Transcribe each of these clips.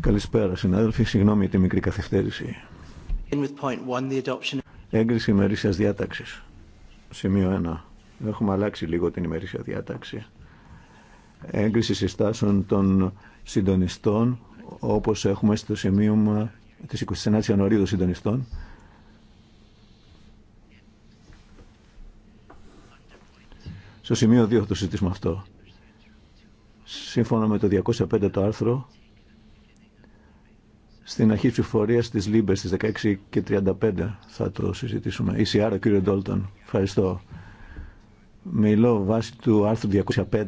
Καλησπέρα, συνάδελφοι. Συγγνώμη για τη μικρή καθυστέρηση. Έγκριση ημερήσια διάταξη. Σημείο 1. Έχουμε αλλάξει λίγο την ημερήσια διάταξη. Έγκριση συστάσεων των συντονιστών, όπω έχουμε στο σημείο τη 29 Ιανουαρίου των συντονιστών. Στο σημείο 2 θα το συζητήσουμε αυτό σύμφωνα με το 205 το άρθρο, στην αρχή ψηφορία τη Λίμπε στι 16 και 35 θα το συζητήσουμε. Η Σιάρα, κύριε Ντόλτον. Ευχαριστώ. Μιλώ βάσει του άρθρου 205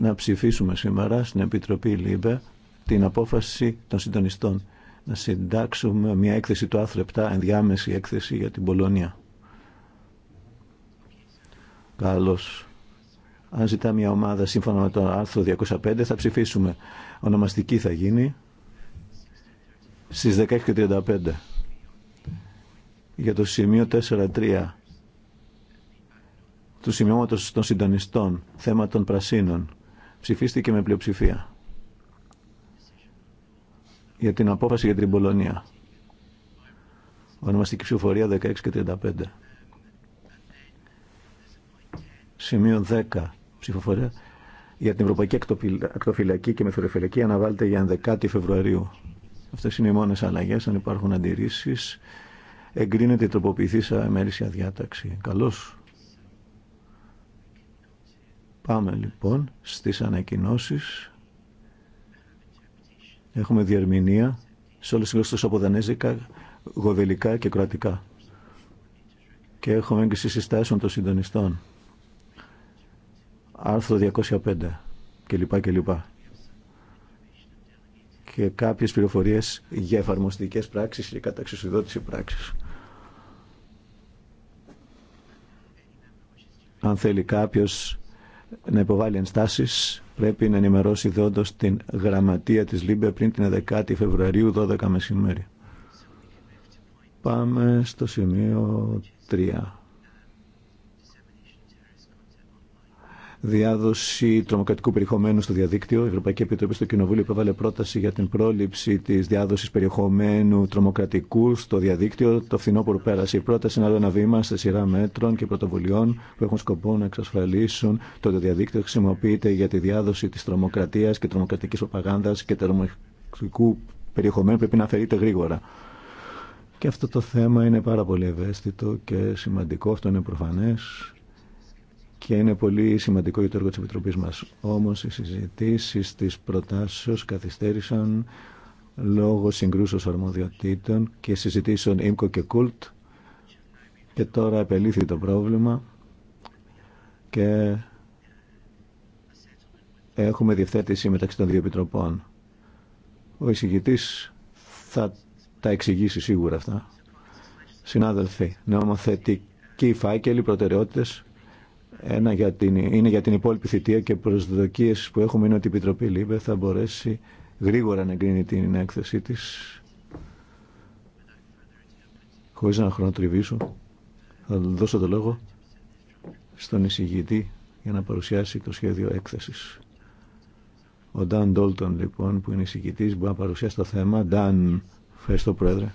να ψηφίσουμε σήμερα στην Επιτροπή Λίμπε την απόφαση των συντονιστών να συντάξουμε μια έκθεση του άρθρου 7, ενδιάμεση έκθεση για την Πολωνία. Καλώς. Αν ζητά μια ομάδα σύμφωνα με το άρθρο 205 θα ψηφίσουμε. Ονομαστική θα γίνει στις 16.35 για το σημείο 4.3 του σημειώματος των συντονιστών, θέμα των πρασίνων, ψηφίστηκε με πλειοψηφία για την απόφαση για την Πολωνία. Ονομαστική ψηφοφορία 16 και 35. Σημείο 10 ψηφοφορία για την Ευρωπαϊκή Ακτοφυλακή και Μεθοριοφυλακή αναβάλλεται για 11η Φεβρουαρίου. Αυτέ είναι οι μόνε αλλαγέ. Αν υπάρχουν αντιρρήσει, εγκρίνεται τροποποιηθήσα ημερήσια διάταξη. Καλώ. Πάμε λοιπόν στις ανακοινώσει. Έχουμε διερμηνία σε όλε, τις γλώσσες από δανέζικα, γοδελικά και κροατικά. Και έχουμε έγκριση συστάσεων των συντονιστών άρθρο 205 κλπ. λοιπά Και κάποιες πληροφορίες για εφαρμοστικές πράξεις και καταξιοσυδότηση πράξης. Αν θέλει κάποιος να υποβάλει ενστάσεις, πρέπει να ενημερώσει δόντως την γραμματεία της ΛΥΜΠΕ πριν την 11η Φεβρουαρίου 12 μεσημέρι. Πάμε στο σημείο 3. διάδοση τρομοκρατικού περιεχομένου στο διαδίκτυο. Η Ευρωπαϊκή Επιτροπή στο Κοινοβούλιο υπέβαλε πρόταση για την πρόληψη τη διάδοση περιεχομένου τρομοκρατικού στο διαδίκτυο το φθινόπωρο πέρασε. Η πρόταση είναι άλλο ένα βήμα σε σειρά μέτρων και πρωτοβουλειών που έχουν σκοπό να εξασφαλίσουν το ότι το διαδίκτυο χρησιμοποιείται για τη διάδοση τη τρομοκρατία και τρομοκρατική προπαγάνδα και τρομοκρατικού περιεχομένου πρέπει να αφαιρείται γρήγορα. Και αυτό το θέμα είναι πάρα πολύ ευαίσθητο και σημαντικό, αυτό είναι προφανές και είναι πολύ σημαντικό για το έργο της Επιτροπής μας. Όμως οι συζητήσεις της προτάσεως καθυστέρησαν λόγω συγκρούσεως αρμοδιοτήτων και συζητήσεων ΙΜΚΟ και ΚΟΥΛΤ και τώρα επελήθη το πρόβλημα και έχουμε διευθέτηση μεταξύ των δύο επιτροπών. Ο εισηγητής θα τα εξηγήσει σίγουρα αυτά. Συνάδελφοι, νομοθετικοί φάκελοι, προτεραιότητες, ένα για την, είναι για την υπόλοιπη θητεία και προσδοκίες που έχουμε είναι ότι η Επιτροπή ΛΥΜΠΕ θα μπορέσει γρήγορα να εγκρίνει την έκθεσή της χωρίς να χρονοτριβήσω. Θα δώσω το λόγο στον εισηγητή για να παρουσιάσει το σχέδιο έκθεσης. Ο Dan Dalton, λοιπόν που είναι εισηγητής μπορεί να παρουσιάσει το θέμα. Νταν, ευχαριστώ Πρόεδρε.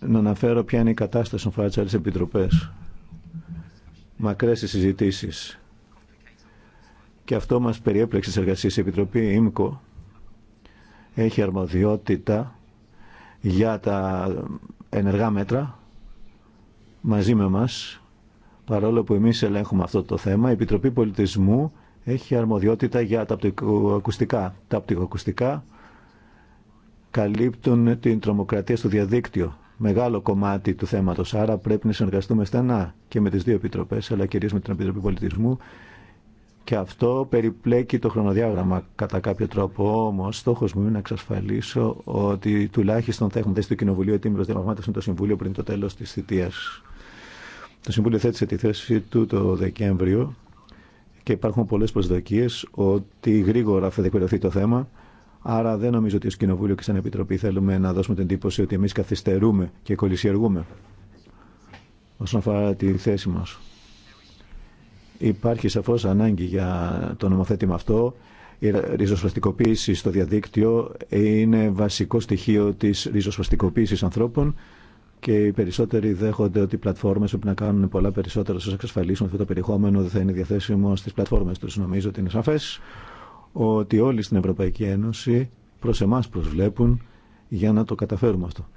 Να αναφέρω ποια είναι η κατάσταση των φορά της μακρές οι συζητήσεις. Και αυτό μας περιέπλεξε σε εργασίες. Η Επιτροπή ΙΜΚΟ έχει αρμοδιότητα για τα ενεργά μέτρα μαζί με μας. Παρόλο που εμείς ελέγχουμε αυτό το θέμα, η Επιτροπή Πολιτισμού έχει αρμοδιότητα για τα οπτικοακουστικά Τα οπτικοακουστικά καλύπτουν την τρομοκρατία στο διαδίκτυο μεγάλο κομμάτι του θέματο. Άρα πρέπει να συνεργαστούμε στενά και με τι δύο επιτροπέ, αλλά κυρίω με την Επιτροπή Πολιτισμού. Και αυτό περιπλέκει το χρονοδιάγραμμα κατά κάποιο τρόπο. Όμω, στόχο μου είναι να εξασφαλίσω ότι τουλάχιστον θα έχουμε θέσει το Κοινοβουλίο ετοίμητο διαπραγμάτευση με το Συμβούλιο πριν το τέλο τη θητεία. Το Συμβούλιο θέτησε τη θέση του το Δεκέμβριο και υπάρχουν πολλέ προσδοκίε ότι γρήγορα θα διεκπαιρεωθεί το θέμα Άρα δεν νομίζω ότι ως Κοινοβούλιο και σαν Επιτροπή θέλουμε να δώσουμε την εντύπωση ότι εμείς καθυστερούμε και κολλησιεργούμε όσον αφορά τη θέση μας. Υπάρχει σαφώς ανάγκη για το νομοθέτημα αυτό. Η ριζοσπαστικοποίηση στο διαδίκτυο είναι βασικό στοιχείο της ριζοσπαστικοποίησης ανθρώπων και οι περισσότεροι δέχονται ότι οι πλατφόρμες που να κάνουν πολλά περισσότερα σε σας εξασφαλίσουν αυτό το περιεχόμενο δεν θα είναι διαθέσιμο στις πλατφόρμες τους. Νομίζω ότι είναι σαφές ότι όλοι στην Ευρωπαϊκή Ένωση προς εμάς προσβλέπουν για να το καταφέρουμε αυτό.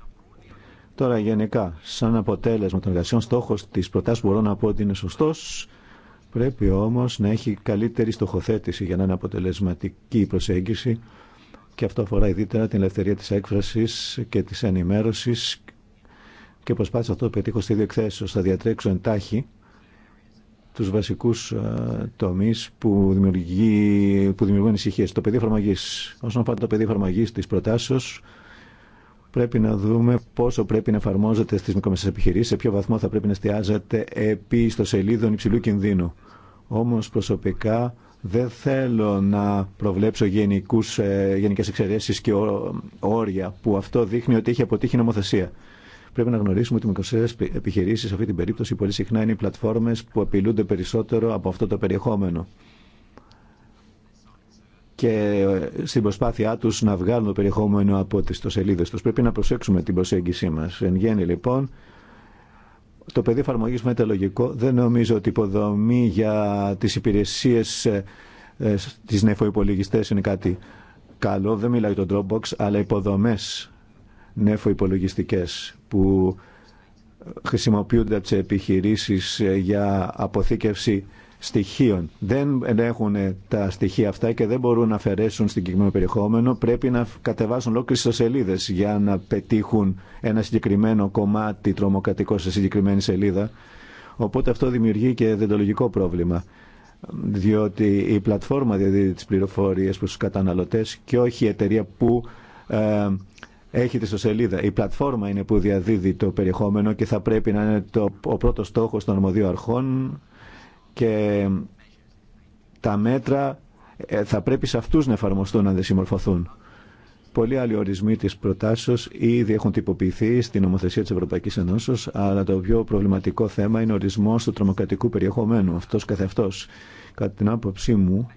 Τώρα γενικά, σαν αποτέλεσμα των εργασιών, στόχος της προτάσης μπορώ να πω ότι είναι σωστός, πρέπει όμως να έχει καλύτερη στοχοθέτηση για να είναι αποτελεσματική η προσέγγιση και αυτό αφορά ιδιαίτερα την ελευθερία της έκφρασης και της ενημέρωσης και προσπάθησα αυτό το πετύχω στη ώστε Θα διατρέξω εντάχει τους βασικούς ε, τομεί που, δημιουργεί, που δημιουργούν ησυχίε. Το πεδίο εφαρμογή. Όσον αφορά το πεδίο εφαρμογή τη προτάσεω, πρέπει να δούμε πόσο πρέπει να εφαρμόζεται στις μικρομεσαίες επιχειρήσει, σε ποιο βαθμό θα πρέπει να εστιάζεται επί στο σελίδων υψηλού κινδύνου. Όμως προσωπικά δεν θέλω να προβλέψω γενικούς, ε, γενικές εξαιρέσεις και όρια που αυτό δείχνει ότι έχει αποτύχει νομοθεσία. Πρέπει να γνωρίσουμε ότι οι μικροσυρέ επιχειρήσει σε αυτή την περίπτωση πολύ συχνά είναι οι πλατφόρμε που απειλούνται περισσότερο από αυτό το περιεχόμενο. Και ε, στην προσπάθειά του να βγάλουν το περιεχόμενο από τι ιστοσελίδε του. Πρέπει να προσέξουμε την προσέγγιση μα. Εν γέννη, λοιπόν, το πεδίο εφαρμογή μεταλογικό Δεν νομίζω ότι η υποδομή για τι υπηρεσίε ε, ε τι είναι κάτι καλό. Δεν μιλάει για Dropbox, αλλά υποδομέ νεφοϋπολογιστικές που χρησιμοποιούνται από επιχειρήσεις για αποθήκευση στοιχείων. Δεν έχουν τα στοιχεία αυτά και δεν μπορούν να αφαιρέσουν συγκεκριμένο περιεχόμενο. Πρέπει να κατεβάσουν ολόκληρε σελίδε για να πετύχουν ένα συγκεκριμένο κομμάτι τρομοκρατικό σε συγκεκριμένη σελίδα. Οπότε αυτό δημιουργεί και δεντολογικό πρόβλημα. Διότι η πλατφόρμα διαδίδει τι πληροφορίε προ του καταναλωτέ και όχι η εταιρεία που ε, Έχετε στο σελίδα. Η πλατφόρμα είναι που διαδίδει το περιεχόμενο και θα πρέπει να είναι το, ο πρώτος στόχος των αρμοδίων αρχών και τα μέτρα ε, θα πρέπει σε αυτούς να εφαρμοστούν αν δεν συμμορφωθούν. Πολλοί άλλοι ορισμοί της προτάσεως ήδη έχουν τυποποιηθεί στην νομοθεσία της Ευρωπαϊκής Ενώσεως, αλλά το πιο προβληματικό θέμα είναι ο ορισμός του τρομοκρατικού περιεχομένου, αυτός καθεαυτός. Κατά την άποψή μου,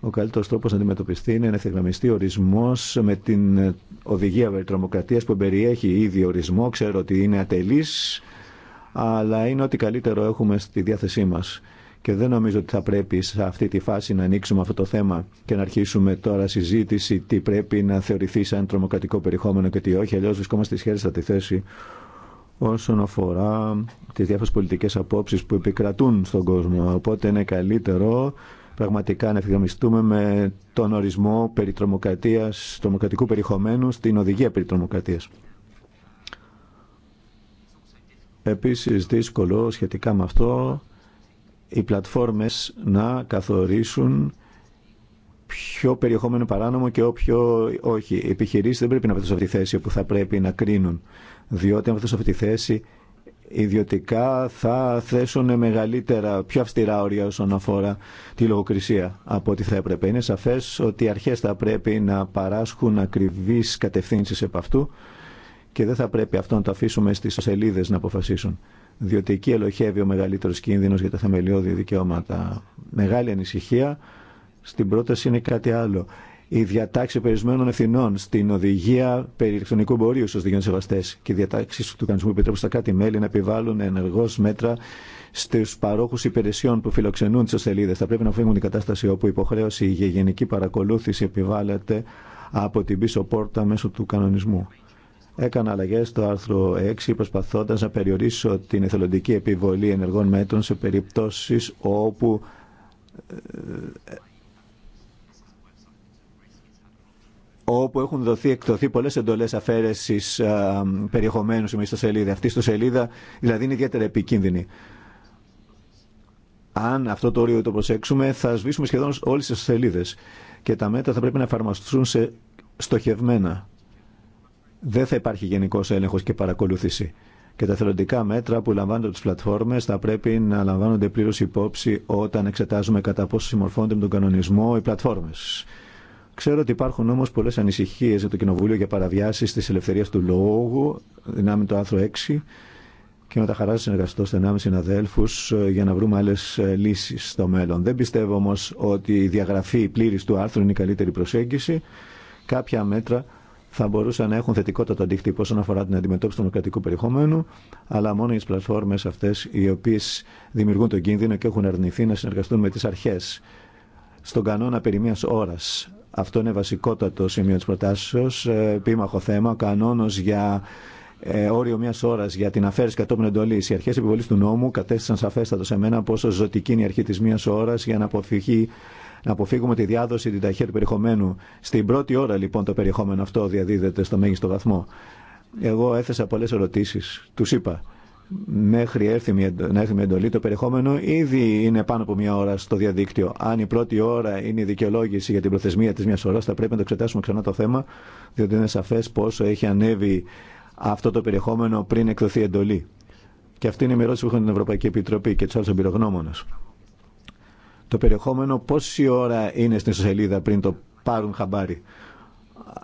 ο καλύτερος τρόπος να αντιμετωπιστεί είναι να ο ορισμός με την οδηγία τρομοκρατίας που περιέχει ήδη ορισμό, ξέρω ότι είναι ατελής, αλλά είναι ότι καλύτερο έχουμε στη διάθεσή μας. Και δεν νομίζω ότι θα πρέπει σε αυτή τη φάση να ανοίξουμε αυτό το θέμα και να αρχίσουμε τώρα συζήτηση τι πρέπει να θεωρηθεί σαν τρομοκρατικό περιεχόμενο και τι όχι. Αλλιώ βρισκόμαστε τη θέση όσον αφορά τις διάφορες πολιτικές απόψεις που επικρατούν στον κόσμο. Οπότε είναι καλύτερο πραγματικά να ευθυγραμμιστούμε με τον ορισμό περί τρομοκρατίας, τρομοκρατικού περιεχομένου στην οδηγία περί τρομοκρατίας. Επίσης δύσκολο σχετικά με αυτό οι πλατφόρμες να καθορίσουν ποιο περιεχόμενο παράνομο και όποιο όχι. Οι επιχειρήσεις δεν πρέπει να βρεθούν σε αυτή τη θέση που θα πρέπει να κρίνουν, διότι αν βρεθούν σε αυτή τη θέση ιδιωτικά θα θέσουν μεγαλύτερα, πιο αυστηρά όρια όσον αφορά τη λογοκρισία από ό,τι θα έπρεπε. Είναι σαφέ ότι οι αρχές θα πρέπει να παράσχουν ακριβεί κατευθύνσει επ' αυτού και δεν θα πρέπει αυτό να το αφήσουμε στι σελίδε να αποφασίσουν. Διότι εκεί ελοχεύει ο μεγαλύτερο κίνδυνος για τα θεμελιώδη δικαιώματα. Μεγάλη ανησυχία στην πρόταση είναι κάτι άλλο η διατάξη περισμένων ευθυνών στην οδηγία περί ηλεκτρονικού εμπορίου στου δικαιού και η διατάξη του κανονισμού επιτρέπουν στα κράτη-μέλη να επιβάλλουν ενεργώ μέτρα στου παρόχου υπηρεσιών που φιλοξενούν τι σελίδε. Θα πρέπει να φύγουν την κατάσταση όπου η υποχρέωση για γενική παρακολούθηση επιβάλλεται από την πίσω πόρτα μέσω του κανονισμού. Έκανα αλλαγέ στο άρθρο 6 προσπαθώντα να περιορίσω την εθελοντική επιβολή ενεργών μέτρων σε περιπτώσει όπου ε, όπου έχουν δοθεί, εκδοθεί πολλές εντολές αφαίρεσης α, ε, περιεχομένου σε ιστοσελίδα. Αυτή η ιστοσελίδα δηλαδή είναι ιδιαίτερα επικίνδυνη. Αν αυτό το όριο το προσέξουμε θα σβήσουμε σχεδόν όλες τις ιστοσελίδες και τα μέτρα θα πρέπει να εφαρμοστούν σε στοχευμένα. Δεν θα υπάρχει γενικός έλεγχος και παρακολούθηση. Και τα θελοντικά μέτρα που λαμβάνονται από τι πλατφόρμε θα πρέπει να λαμβάνονται πλήρω υπόψη όταν εξετάζουμε κατά πόσο συμμορφώνονται με τον κανονισμό οι πλατφόρμε. Ξέρω ότι υπάρχουν όμω πολλέ ανησυχίε για το Κοινοβούλιο για παραβιάσει τη ελευθερία του λόγου, δυνάμει το άρθρο 6, και με τα χαρά συνεργαστώ στενά με συναδέλφου ε, για να βρούμε άλλε λύσει στο μέλλον. Δεν πιστεύω όμω ότι η διαγραφή πλήρη του άρθρου είναι η καλύτερη προσέγγιση. Κάποια μέτρα θα μπορούσαν να έχουν θετικότατο αντίκτυπο όσον αφορά την αντιμετώπιση του δημοκρατικού περιεχομένου, αλλά μόνο οι πλατφόρμε αυτέ οι οποίε δημιουργούν τον κίνδυνο και έχουν αρνηθεί να συνεργαστούν με τι αρχέ. Στον κανόνα περί αυτό είναι βασικότατο σημείο της προτάσεως, ε, επίμαχο θέμα, κανόνος για ε, όριο μια ώρα για την αφαίρεση κατόπιν εντολή. Οι αρχέ επιβολή του νόμου κατέστησαν σαφέστατο σε μένα πόσο ζωτική είναι η αρχή τη μία ώρα για να αποφυγεί να αποφύγουμε τη διάδοση την ταχεία του περιεχομένου. Στην πρώτη ώρα λοιπόν το περιεχόμενο αυτό διαδίδεται στο μέγιστο βαθμό. Εγώ έθεσα πολλέ ερωτήσει. Του είπα μέχρι έρθει να έρθει μια εντολή, το περιεχόμενο ήδη είναι πάνω από μια ώρα στο διαδίκτυο. Αν η πρώτη ώρα είναι η δικαιολόγηση για την προθεσμία τη μια ώρα, θα πρέπει να το εξετάσουμε ξανά το θέμα, διότι είναι σαφέ πόσο έχει ανέβει αυτό το περιεχόμενο πριν εκδοθεί εντολή. Και αυτή είναι η ερώτηση που έχουν την Ευρωπαϊκή Επιτροπή και του άλλου εμπειρογνώμονε. Το περιεχόμενο πόση ώρα είναι στην σελίδα πριν το πάρουν χαμπάρι.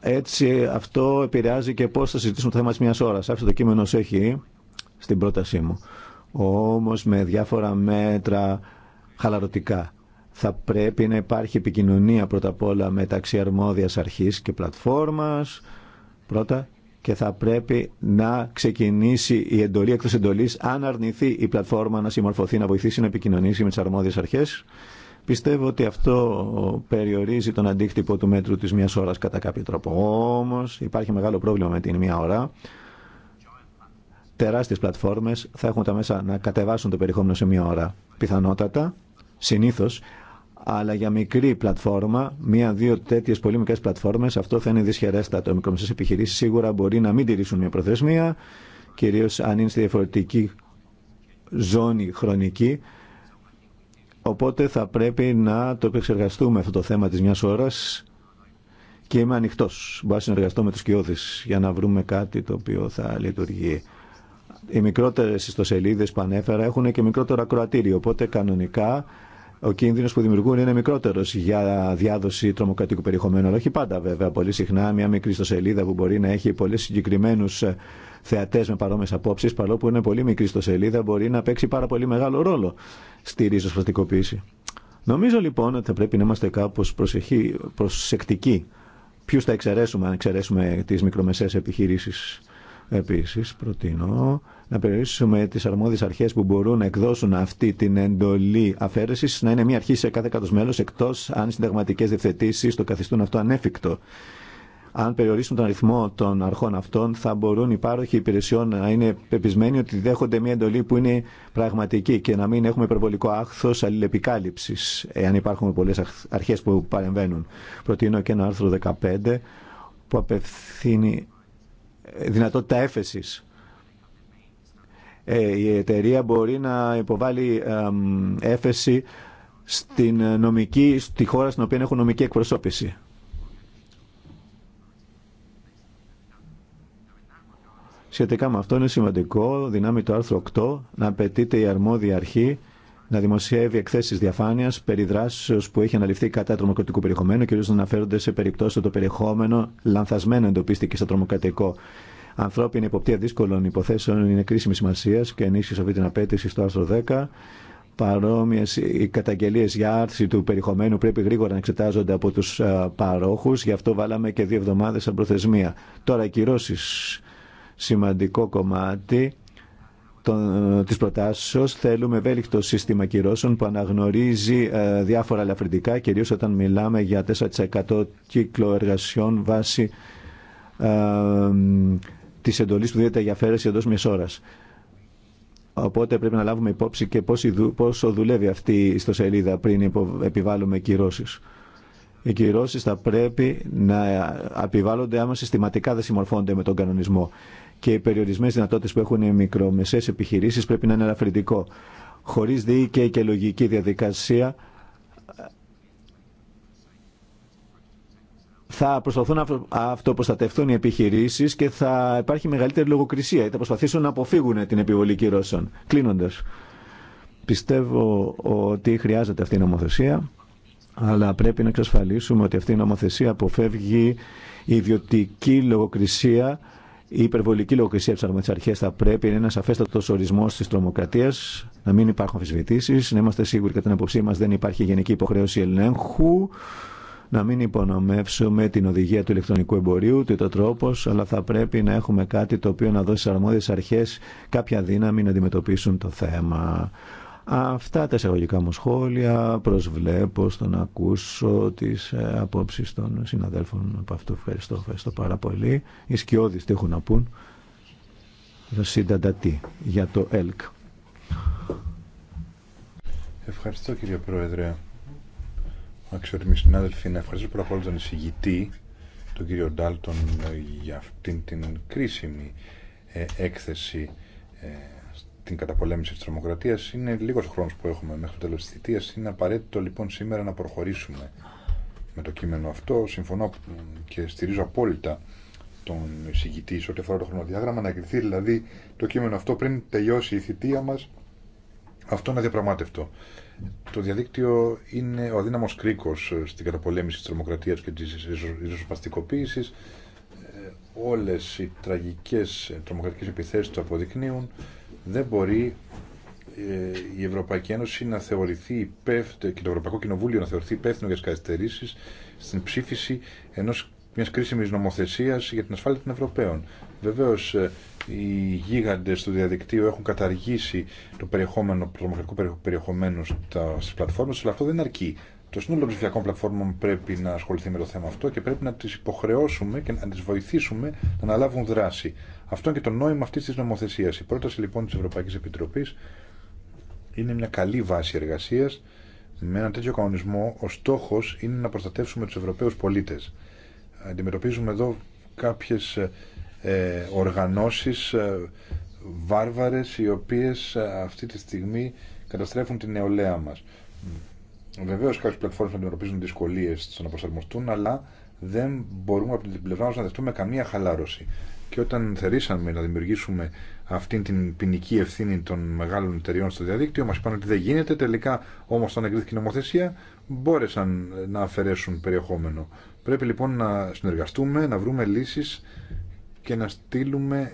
Έτσι αυτό επηρεάζει και πώ θα συζητήσουμε το θέμα τη μια ώρα. Αυτό το κείμενο έχει στην πρότασή μου. Όμως με διάφορα μέτρα χαλαρωτικά. Θα πρέπει να υπάρχει επικοινωνία πρώτα απ' όλα μεταξύ αρμόδιας αρχής και πλατφόρμας πρώτα και θα πρέπει να ξεκινήσει η εντολή εκτός εντολής αν αρνηθεί η πλατφόρμα να συμμορφωθεί, να βοηθήσει να επικοινωνήσει με τις αρμόδιες αρχές. Πιστεύω ότι αυτό περιορίζει τον αντίκτυπο του μέτρου της μίας ώρας κατά κάποιο τρόπο. Όμως υπάρχει μεγάλο πρόβλημα με την μία ώρα τεράστιες πλατφόρμες θα έχουν τα μέσα να κατεβάσουν το περιεχόμενο σε μία ώρα. Πιθανότατα, συνήθως, αλλά για μικρή πλατφόρμα, μία-δύο τέτοιε πολύ μικρέ πλατφόρμε, αυτό θα είναι δυσχερέστατο. Οι μικρομεσαίε επιχειρήσει σίγουρα μπορεί να μην τηρήσουν μια προθεσμία, κυρίω αν είναι στη διαφορετική ζώνη χρονική. Οπότε θα πρέπει να το επεξεργαστούμε αυτό το θέμα τη μια ώρα και είμαι ανοιχτό. Μπορώ να συνεργαστώ με του κοιόδη για να βρούμε κάτι το οποίο θα λειτουργεί οι μικρότερες ιστοσελίδες που ανέφερα έχουν και μικρότερο ακροατήριο, οπότε κανονικά ο κίνδυνος που δημιουργούν είναι μικρότερος για διάδοση τρομοκρατικού περιεχομένου, αλλά όχι πάντα βέβαια. Πολύ συχνά μια μικρή ιστοσελίδα που μπορεί να έχει πολλές συγκεκριμένους ε, θεατέ με παρόμοιε απόψει, παρόλο που είναι πολύ μικρή ιστοσελίδα, μπορεί να παίξει πάρα πολύ μεγάλο ρόλο στη ρίζοσπαστικοποίηση. Νομίζω λοιπόν ότι θα πρέπει να είμαστε κάπω προσεκτικοί Ποιου θα εξαιρέσουμε αν εξαιρέσουμε τι μικρομεσαίε επιχείρησει. Επίσης προτείνω να περιορίσουμε τις αρμόδιες αρχές που μπορούν να εκδώσουν αυτή την εντολή αφαίρεσης να είναι μια αρχή σε κάθε κάτω μέλος εκτός αν οι συνταγματικές διευθετήσεις το καθιστούν αυτό ανέφικτο. Αν περιορίσουν τον αριθμό των αρχών αυτών, θα μπορούν οι πάροχοι υπηρεσιών να είναι πεπισμένοι ότι δέχονται μια εντολή που είναι πραγματική και να μην έχουμε υπερβολικό άχθο αλληλεπικάλυψη, εάν υπάρχουν πολλέ αρχέ που παρεμβαίνουν. Προτείνω και ένα άρθρο 15 που απευθύνει δυνατότητα έφεσης. Ε, η εταιρεία μπορεί να υποβάλει έφεση στην νομική, στη χώρα στην οποία έχουν νομική εκπροσώπηση. Σχετικά με αυτό είναι σημαντικό, δυνάμει το άρθρο 8, να απαιτείται η αρμόδια αρχή να δημοσιεύει εκθέσει διαφάνεια περί δράσεω που έχει αναλυφθεί κατά τρομοκρατικού περιεχομένου, κυρίω να αναφέρονται σε περιπτώσει το περιεχόμενο λανθασμένο εντοπίστηκε στο τρομοκρατικό. Ανθρώπινη υποπτία δύσκολων υποθέσεων είναι κρίσιμη σημασία και ενίσχυσε αυτή την απέτηση στο άρθρο 10. Παρόμοιε καταγγελίε για άρση του περιεχομένου πρέπει γρήγορα να εξετάζονται από του παρόχου, γι' αυτό βάλαμε και δύο εβδομάδε σαν προθεσμία. Τώρα, κυρώσει. Σημαντικό κομμάτι ε, τη προτάσεως θέλουμε ευέλικτο σύστημα κυρώσεων που αναγνωρίζει ε, διάφορα ελαφρυντικά, κυρίω όταν μιλάμε για 4% κύκλο εργασιών βάσει ε, τη εντολή που δίνεται για αφαίρεση εντό μια ώρα. Οπότε πρέπει να λάβουμε υπόψη και πόσο δουλεύει αυτή η ιστοσελίδα πριν επιβάλλουμε κυρώσει. Οι κυρώσει θα πρέπει να επιβάλλονται άμα συστηματικά δεν συμμορφώνται με τον κανονισμό και οι περιορισμένε δυνατότητε που έχουν οι μικρομεσαίε επιχειρήσει πρέπει να είναι ελαφρυντικό. Χωρί δίκαιη και λογική διαδικασία θα προσπαθούν να αυτοπροστατευτούν οι επιχειρήσει και θα υπάρχει μεγαλύτερη λογοκρισία ή θα προσπαθήσουν να αποφύγουν την επιβολή κυρώσεων. Κλείνοντα, πιστεύω ότι χρειάζεται αυτή η νομοθεσία, αλλά πρέπει να εξασφαλίσουμε ότι αυτή η νομοθεσία αποφεύγει η νομοθεσια αποφευγει λογοκρισία η υπερβολική λογοκρισία τη τι αρχέ θα πρέπει είναι ένα σαφέστατο ορισμό τη τρομοκρατία, να μην υπάρχουν αμφισβητήσει, να είμαστε σίγουροι κατά την απόψή μα δεν υπάρχει γενική υποχρέωση ελέγχου, να μην υπονομεύσουμε την οδηγία του ηλεκτρονικού εμπορίου, του το τρόπο, αλλά θα πρέπει να έχουμε κάτι το οποίο να δώσει στι αρμόδιε αρχέ κάποια δύναμη να αντιμετωπίσουν το θέμα. Αυτά τα εισαγωγικά μου σχόλια προσβλέπω στο να ακούσω τις ε, απόψεις των συναδέλφων από αυτό. Ευχαριστώ, ευχαριστώ πάρα πολύ. Οι σκιώδεις τι έχουν να πούν. για το ΕΛΚ. Ευχαριστώ κύριε Πρόεδρε. Αξιότιμοι συνάδελφοι, να ευχαριστώ πρώτα απ' όλα τον εισηγητή, τον κύριο Ντάλτον, για αυτήν την κρίσιμη ε, έκθεση ε, την καταπολέμηση της τρομοκρατίας. Είναι λίγος ο χρόνος που έχουμε μέχρι το τέλος της θητείας. Είναι απαραίτητο λοιπόν σήμερα να προχωρήσουμε με το κείμενο αυτό. Συμφωνώ και στηρίζω απόλυτα τον εισηγητή σε ό,τι αφορά το χρονοδιάγραμμα, να εγκριθεί δηλαδή το κείμενο αυτό πριν τελειώσει η θητεία μας. Αυτό είναι αδιαπραγμάτευτο. Το διαδίκτυο είναι ο αδύναμος κρίκος ε, στην καταπολέμηση της τρομοκρατίας και της ριζοσπαστικοποίησης. Ε, όλες οι τραγικές ε, τρομοκρατικέ επιθέσεις το αποδεικνύουν δεν μπορεί ε, η Ευρωπαϊκή Ένωση να θεωρηθεί υπεύθυνο και το Ευρωπαϊκό Κοινοβούλιο να θεωρηθεί υπεύθυνο για τι καθυστερήσει στην ψήφιση ενό μια κρίσιμη νομοθεσία για την ασφάλεια των Ευρωπαίων. Βεβαίω, ε, οι γίγαντε του διαδικτύου έχουν καταργήσει το περιεχόμενο, το τρομοκρατικό περιεχομένο στι πλατφόρμε, αλλά αυτό δεν αρκεί. Το σύνολο ψηφιακών πλατφόρμων πρέπει να ασχοληθεί με το θέμα αυτό και πρέπει να τι υποχρεώσουμε και να τι βοηθήσουμε να αναλάβουν δράση. Αυτό είναι και το νόημα αυτή τη νομοθεσία. Η πρόταση λοιπόν τη Ευρωπαϊκή Επιτροπή είναι μια καλή βάση εργασία. Με ένα τέτοιο κανονισμό, ο στόχο είναι να προστατεύσουμε του Ευρωπαίου πολίτε. Αντιμετωπίζουμε εδώ κάποιε ε, οργανώσει ε, βάρβαρε οι οποίε ε, αυτή τη στιγμή καταστρέφουν την νεολαία μα. Βεβαίω, κάποιε πλατφόρμε αντιμετωπίζουν δυσκολίε στο να προσαρμοστούν, αλλά δεν μπορούμε από την πλευρά μα να δεχτούμε καμία χαλάρωση και όταν θερήσαμε να δημιουργήσουμε αυτήν την ποινική ευθύνη των μεγάλων εταιριών στο διαδίκτυο, μα είπαν ότι δεν γίνεται. Τελικά όμω, όταν εγκρίθηκε η νομοθεσία, μπόρεσαν να αφαιρέσουν περιεχόμενο. Πρέπει λοιπόν να συνεργαστούμε, να βρούμε λύσει και να στείλουμε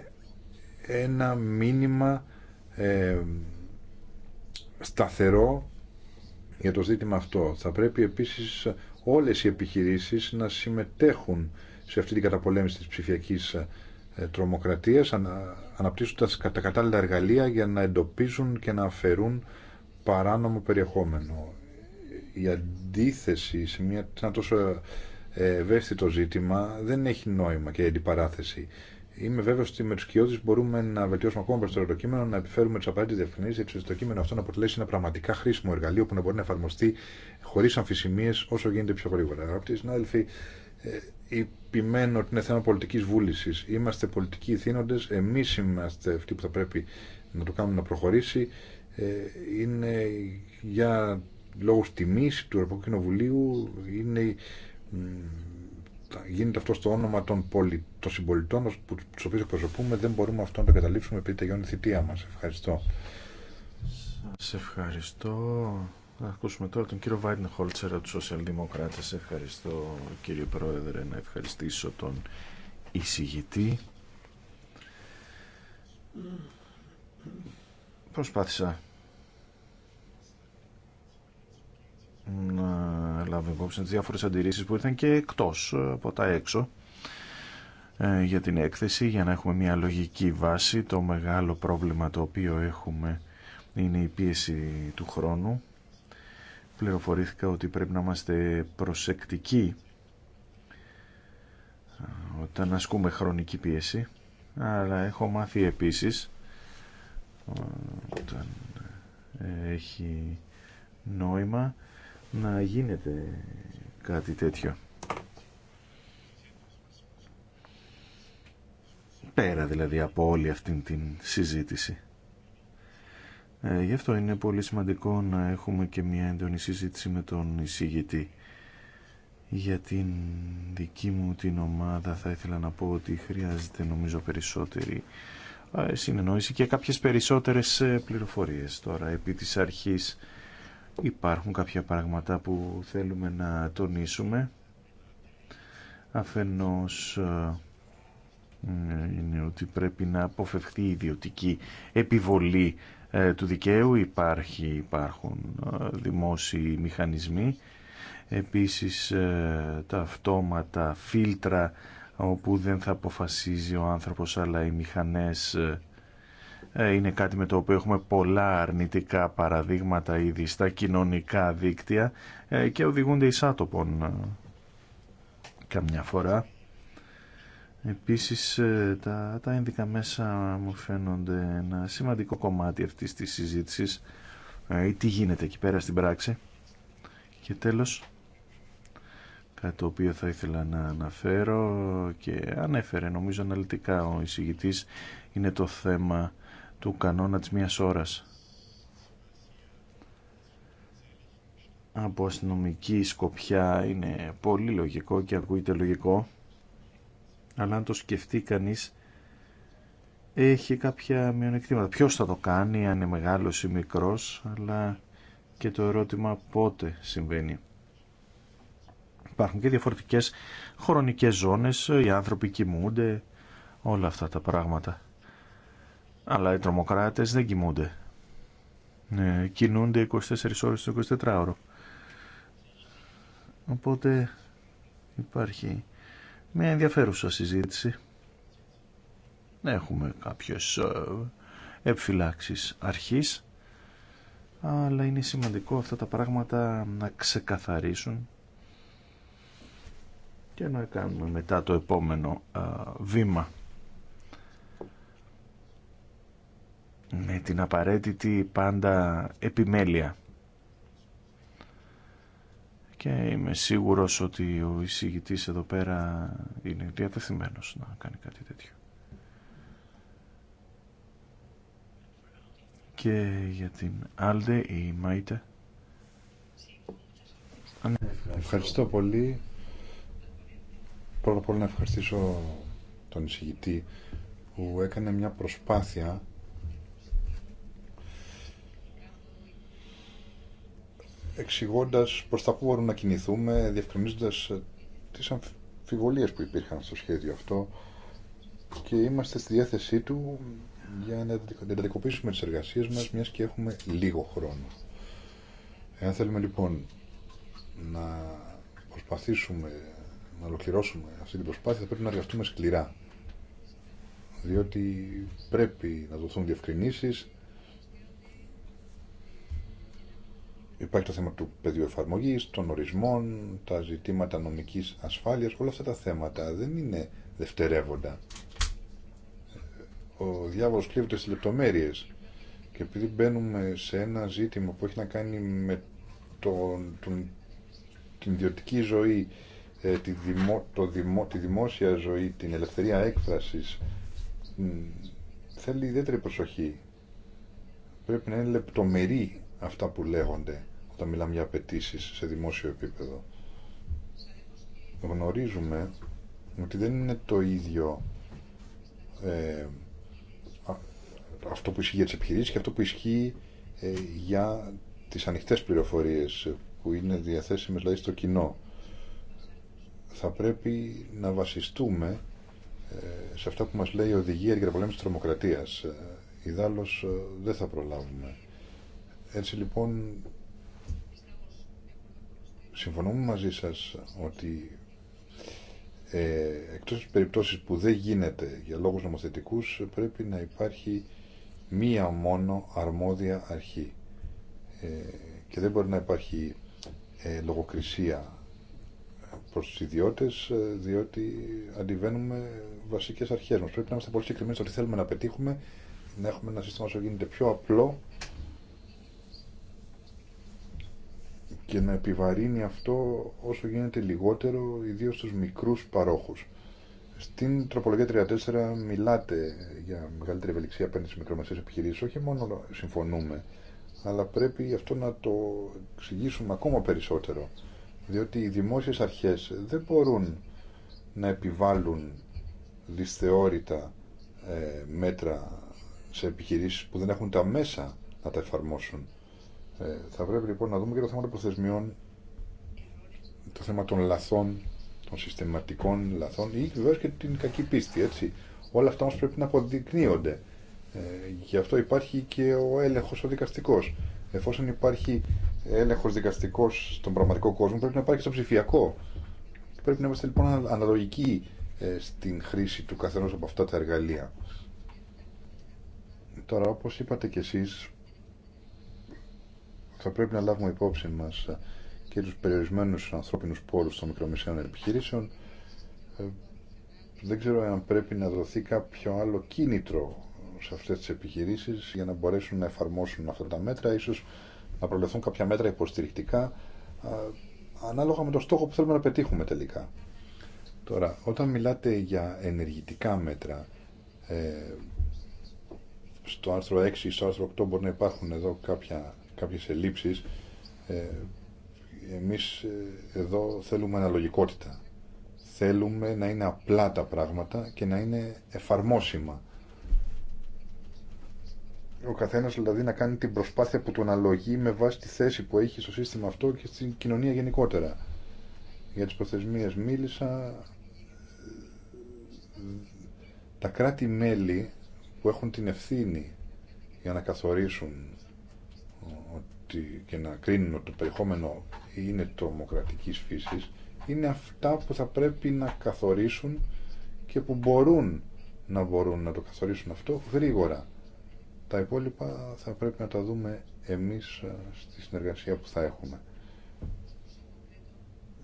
ένα μήνυμα ε, σταθερό για το ζήτημα αυτό. Θα πρέπει επίσης όλες οι επιχειρήσεις να συμμετέχουν σε αυτή την καταπολέμηση της ψηφιακής ε, τρομοκρατίας αναπτύσσοντας τα κατάλληλα εργαλεία για να εντοπίζουν και να αφαιρούν παράνομο περιεχόμενο. Η αντίθεση σε, μια, ένα τόσο ε, ευαίσθητο ζήτημα δεν έχει νόημα και αντιπαράθεση. Είμαι βέβαιο ότι με του κοιότητε μπορούμε να βελτιώσουμε ακόμα περισσότερο το κείμενο, να επιφέρουμε τι απαραίτητε διευκρινήσει, έτσι ώστε το κείμενο αυτό να αποτελέσει ένα πραγματικά χρήσιμο εργαλείο που να μπορεί να εφαρμοστεί χωρί αμφισημίε όσο γίνεται πιο γρήγορα. Αγαπητοί συνάδελφοι, ε, επιμένω ότι είναι θέμα πολιτική βούληση. Είμαστε πολιτικοί ηθήνοντε, εμεί είμαστε αυτοί που θα πρέπει να το κάνουμε να προχωρήσει. Ε, είναι για λόγους τιμή του Ευρωπαϊκού Κοινοβουλίου είναι, γίνεται αυτό στο όνομα των, πολι, των συμπολιτών που τους οποίου εκπροσωπούμε δεν μπορούμε αυτό να το καταλήψουμε επειδή τελειώνει η θητεία μας. Ευχαριστώ. Σα ευχαριστώ. Να ακούσουμε τώρα τον κύριο Βάιντεν Χόλτσερ από τους Σοσιαλδημοκράτες. Ευχαριστώ κύριε Πρόεδρε να ευχαριστήσω τον εισηγητή. Προσπάθησα να λάβω υπόψη τι διάφορε αντιρρήσει που ήρθαν και εκτό ε, από τα έξω ε, για την έκθεση για να έχουμε μια λογική βάση. Το μεγάλο πρόβλημα το οποίο έχουμε είναι η πίεση του χρόνου πληροφορήθηκα ότι πρέπει να είμαστε προσεκτικοί ε, όταν ασκούμε χρονική πίεση αλλά έχω μάθει επίσης όταν έχει νόημα να γίνεται κάτι τέτοιο πέρα δηλαδή από όλη αυτήν την συζήτηση ε, γι' αυτό είναι πολύ σημαντικό να έχουμε και μια έντονη συζήτηση με τον εισηγητή. Για την δική μου την ομάδα θα ήθελα να πω ότι χρειάζεται νομίζω περισσότερη ε, συνεννόηση και κάποιες περισσότερες ε, πληροφορίες τώρα. Επί της αρχής υπάρχουν κάποια πράγματα που θέλουμε να τονίσουμε. Αφενός είναι ότι πρέπει να αποφευχθεί η ιδιωτική επιβολή ε, του δικαίου υπάρχει, υπάρχουν ε, δημόσιοι μηχανισμοί επίσης ε, τα αυτόματα φίλτρα όπου δεν θα αποφασίζει ο άνθρωπος αλλά οι μηχανές είναι κάτι με το οποίο έχουμε πολλά αρνητικά παραδείγματα ήδη στα κοινωνικά δίκτυα και οδηγούνται εις άτοπον καμιά φορά Επίσης ε, τα, τα ένδικα μέσα μου φαίνονται ένα σημαντικό κομμάτι αυτής της συζήτησης ε, ή τι γίνεται εκεί πέρα στην πράξη. Και τέλος, κάτι το οποίο θα ήθελα να αναφέρω και ανέφερε νομίζω αναλυτικά ο εισηγητής είναι το θέμα του κανόνα της μίας ώρας. Από αστυνομική σκοπιά είναι πολύ λογικό και ακούγεται λογικό αλλά αν το σκεφτεί κανείς έχει κάποια μειονεκτήματα. Ποιος θα το κάνει, αν είναι μεγάλος ή μικρός, αλλά και το ερώτημα πότε συμβαίνει. Υπάρχουν και διαφορετικές χρονικές ζώνες, οι άνθρωποι κοιμούνται, όλα αυτά τα πράγματα. Αλλά οι τρομοκράτες δεν κοιμούνται. Κοινούνται κινούνται 24 ώρες το 24ωρο. Οπότε υπάρχει μια ενδιαφέρουσα συζήτηση. Έχουμε κάποιες ε, επιφυλάξεις αρχής, αλλά είναι σημαντικό αυτά τα πράγματα να ξεκαθαρίσουν και να κάνουμε μετά το επόμενο ε, βήμα. με την απαραίτητη πάντα επιμέλεια και είμαι σίγουρος ότι ο εισηγητής εδώ πέρα είναι διατεθειμένος να κάνει κάτι τέτοιο. Και για την Άλντε η Μάιτε. Ευχαριστώ πολύ. Πρώτα απ' όλα να ευχαριστήσω τον εισηγητή που έκανε μια προσπάθεια Εξηγώντα προ τα πού μπορούμε να κινηθούμε, διευκρινίζοντας ε, τις αμφιβολίες που μπορουμε να κινηθουμε διευκρινιζοντας τις αμφιβολιε που υπηρχαν στο σχέδιο αυτό και είμαστε στη διάθεσή του για να εντατικοποιήσουμε τι εργασίε μας μιας και έχουμε λίγο χρόνο. Εάν θέλουμε λοιπόν να προσπαθήσουμε να ολοκληρώσουμε αυτή την προσπάθεια θα πρέπει να εργαστούμε σκληρά διότι πρέπει να δοθούν διευκρινήσει. Υπάρχει το θέμα του πεδίου εφαρμογή, των ορισμών, τα ζητήματα νομική ασφάλεια. Όλα αυτά τα θέματα δεν είναι δευτερεύοντα. Ο διάβολο κλείβεται στι λεπτομέρειε. Και επειδή μπαίνουμε σε ένα ζήτημα που έχει να κάνει με τον, την ιδιωτική ζωή, ε, τη, δημο, το δημο, τη δημόσια ζωή, την ελευθερία έκφρασης, θέλει ιδιαίτερη προσοχή. Πρέπει να είναι λεπτομερή αυτά που λέγονται όταν μιλάμε για απαιτήσει σε δημόσιο επίπεδο. Γνωρίζουμε ότι δεν είναι το ίδιο ε, αυτό που ισχύει για τις επιχειρήσεις και αυτό που ισχύει ε, για τις ανοιχτές πληροφορίες που είναι διαθέσιμες δηλαδή στο κοινό. Θα πρέπει να βασιστούμε ε, σε αυτά που μας λέει η Οδηγία για τα πολέμηση της τρομοκρατίας. Ε, ιδάλλως δεν θα προλάβουμε. Έτσι λοιπόν συμφωνούμε μαζί σας ότι ε, εκτός της που δεν γίνεται για λόγους νομοθετικούς πρέπει να υπάρχει μία μόνο αρμόδια αρχή ε, και δεν μπορεί να υπάρχει ε, λογοκρισία προς τους ιδιώτες ε, διότι αντιβαίνουμε βασικές αρχές μας. Πρέπει να είμαστε πολύ συγκεκριμένοι στο τι θέλουμε να πετύχουμε, να έχουμε ένα σύστημα όσο γίνεται πιο απλό και να επιβαρύνει αυτό όσο γίνεται λιγότερο, ιδίως στους μικρούς παρόχους. Στην τροπολογία 34 μιλάτε για μεγαλύτερη ευελιξία απέναντι στις μικρομεσαίες επιχειρήσεις, όχι μόνο συμφωνούμε, αλλά πρέπει αυτό να το εξηγήσουμε ακόμα περισσότερο. Διότι οι δημόσιες αρχές δεν μπορούν να επιβάλλουν δυσθεώρητα ε, μέτρα σε επιχειρήσεις που δεν έχουν τα μέσα να τα εφαρμόσουν. Ε, θα πρέπει λοιπόν να δούμε και το θέμα των προθεσμιών, το θέμα των λαθών, των συστηματικών λαθών ή βεβαίω και την κακή πίστη. Έτσι. Όλα αυτά όμω πρέπει να αποδεικνύονται. Ε, γι' αυτό υπάρχει και ο έλεγχο ο δικαστικό. Εφόσον υπάρχει έλεγχο δικαστικό στον πραγματικό κόσμο, πρέπει να υπάρχει και στο ψηφιακό. Πρέπει να είμαστε λοιπόν αναλογικοί ε, στην χρήση του καθενό από αυτά τα εργαλεία. Τώρα, όπω είπατε κι εσείς, θα πρέπει να λάβουμε υπόψη μα ε, και του περιορισμένου ανθρώπινου πόρου των μικρομεσαίων επιχειρήσεων. Ε, δεν ξέρω αν πρέπει να δοθεί κάποιο άλλο κίνητρο σε αυτέ τι επιχειρήσει για να μπορέσουν να εφαρμόσουν αυτά τα μέτρα, ίσως να προλεφθούν κάποια μέτρα υποστηρικτικά, ε, ανάλογα με το στόχο που θέλουμε να πετύχουμε τελικά. Τώρα, όταν μιλάτε για ενεργητικά μέτρα, στο άρθρο 6 ή στο άρθρο 8 μπορεί να υπάρχουν εδώ κάποια κάποιες ελλείψεις. Ε, εμείς ε, εδώ θέλουμε αναλογικότητα. Θέλουμε να είναι απλά τα πράγματα και να είναι εφαρμόσιμα. Ο καθένας δηλαδή να κάνει την προσπάθεια που τον αλογεί με βάση τη θέση που έχει στο σύστημα αυτό και στην κοινωνία γενικότερα. Για τις προθεσμίες μίλησα. Τα κράτη-μέλη που έχουν την ευθύνη για να καθορίσουν ότι και να κρίνουν ότι το περιεχόμενο είναι τρομοκρατικής φύσης είναι αυτά που θα πρέπει να καθορίσουν και που μπορούν να μπορούν να το καθορίσουν αυτό γρήγορα. Τα υπόλοιπα θα πρέπει να τα δούμε εμείς ε, στη συνεργασία που θα έχουμε.